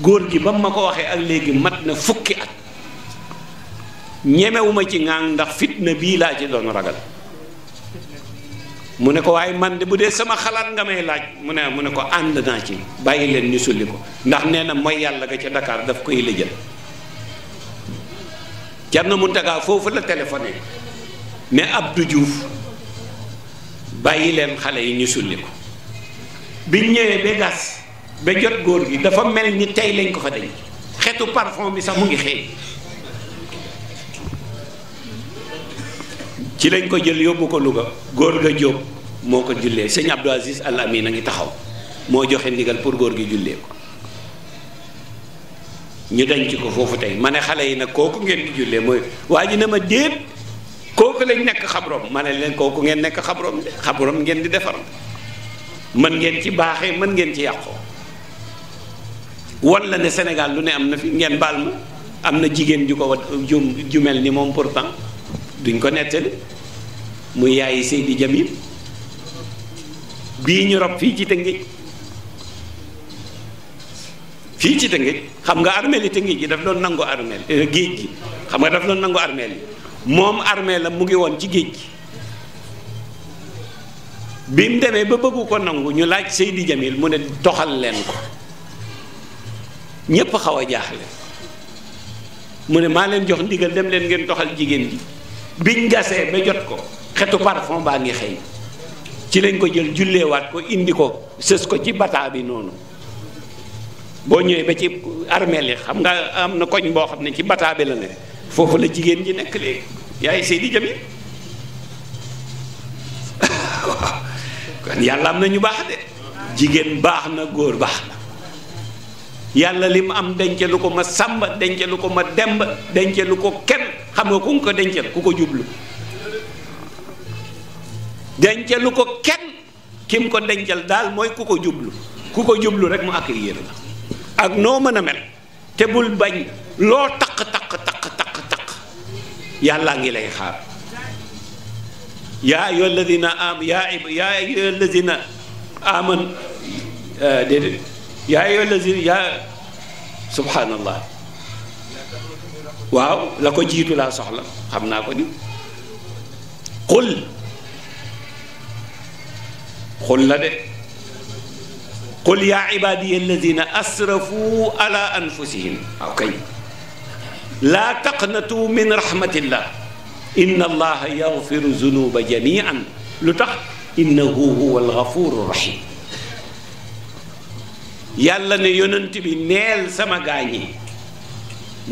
góor gi ba mu ma ko waxee ak léegi mat na fukki at ñemewuma ci ŋaang ndax fitna bii laa ci doon ragal mu ne ko waaye man de bu dee sama xalaat nga may laaj mu ne mu ne ko ànd naa ci bàyyi leen ñu sulli ko ndax nee na mooy yàlla ga ca ndakaar daf koy na Thierno Mountaga foofu la téléphoné ne Abdou Diouf bàyyi leen xale yi ñu sulli ko biñ ñëwee ba ba jot góor gi dafa mel ni tey lañ ko fa dañ xetu parfum bi sax mu ngi xeeñ ci lañ ko jël yóbbu ko Louga góor ga Jóob moo ko jullee sëñ Abdou Aziz Al a ngi taxaw moo joxe ndigal pour góor gi jullee ko ñu denc ko foofu tey ma ne xale yi nag kooku ngeen di jullee mooy waa ji ne ma déet kooku lañ nekk xabrom ma ne leen kooku ngeen nekk xabrom de xabrom ngeen di defar mën ngeen ci baaxee mën ngeen ci yàqoo wan la ne Sénégal lu ne am na fi ngeen baal ma am na jigéen ju ko wat ju ju mel ni moom pourtant duñ ko nettali muy yaayi Seydi Jamil bii ñu rob fii ci Tëngéej fii ci Tëngéej xam nga armeel yi Tëngéej gi daf doon nangu armeel eh, géej gi xam nga daf doon nangu armeel yi moom armeel la mu ngi woon ci géej gi bi mu demee ba bëggu ko nangu ñu laaj Seydi Jamil mu ne toxal leen ko ñépp xaw a jaaxle mu ne maa leen jox ndigal dem leen ngeen doxal jigéen ji biñ gasee ba jot ko xetu parfum baa ngi xëy ci lañ ko jël julleewaat ko indi ko sës ko ci bataa bi noonu boo ñëwee ba ci armeel yi xam nga am na koñ boo xam ne ci bataa bi la ne foofu la jigéen ji nekk léegi yaay Seydi Jamil kon yàlla am na ñu baax de jigéen baax na góor baax na yàlla li mu am dence ko ma sàmba dence ko ma demb dence ko kenn xam nga ku nga ko dencal ku ko jublu dence ko kenn kim ko dencal daal mooy ku ko jublu ku ko jublu rek mu accueillir la ak noo mën a mel te bul bañ loo taq taq taq taq taq yàllaa ngi lay xaar yaa ayyuha alladina am yaa yaa ayyuha alladina aman eh, déedéet yaa ayyuha allazina yaa subhanallah waaw la ko jiitu laa soxla xam naa ko ni xul xul la de qul yaa ibaadiya alladina asrafu ala anfusihim waaw kay laa taqnatu min rahmatillah inna allaha yagfiru zunuba jamian lu tax innahu huwa algafuru rahim yàlla ne yonant bi neel sama gaañ yi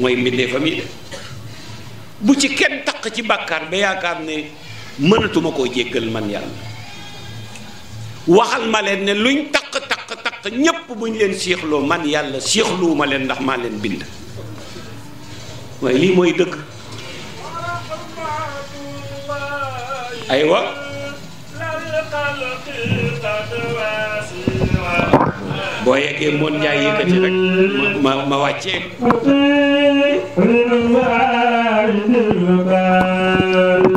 mooy mbindeefam yi de bu ci kenn taq ci bàkkaar ba yaakaar ne mënatuma koo jéggal man yàlla waxal ma leen ne luñ taq taq taq ñépp bu ñu leen siixloo man yàlla siixluwuma leen ndax maa leen bind waaye lii mooy dëgg aywa boo yeggee moon njaay yëkkati rek ma ma wàccee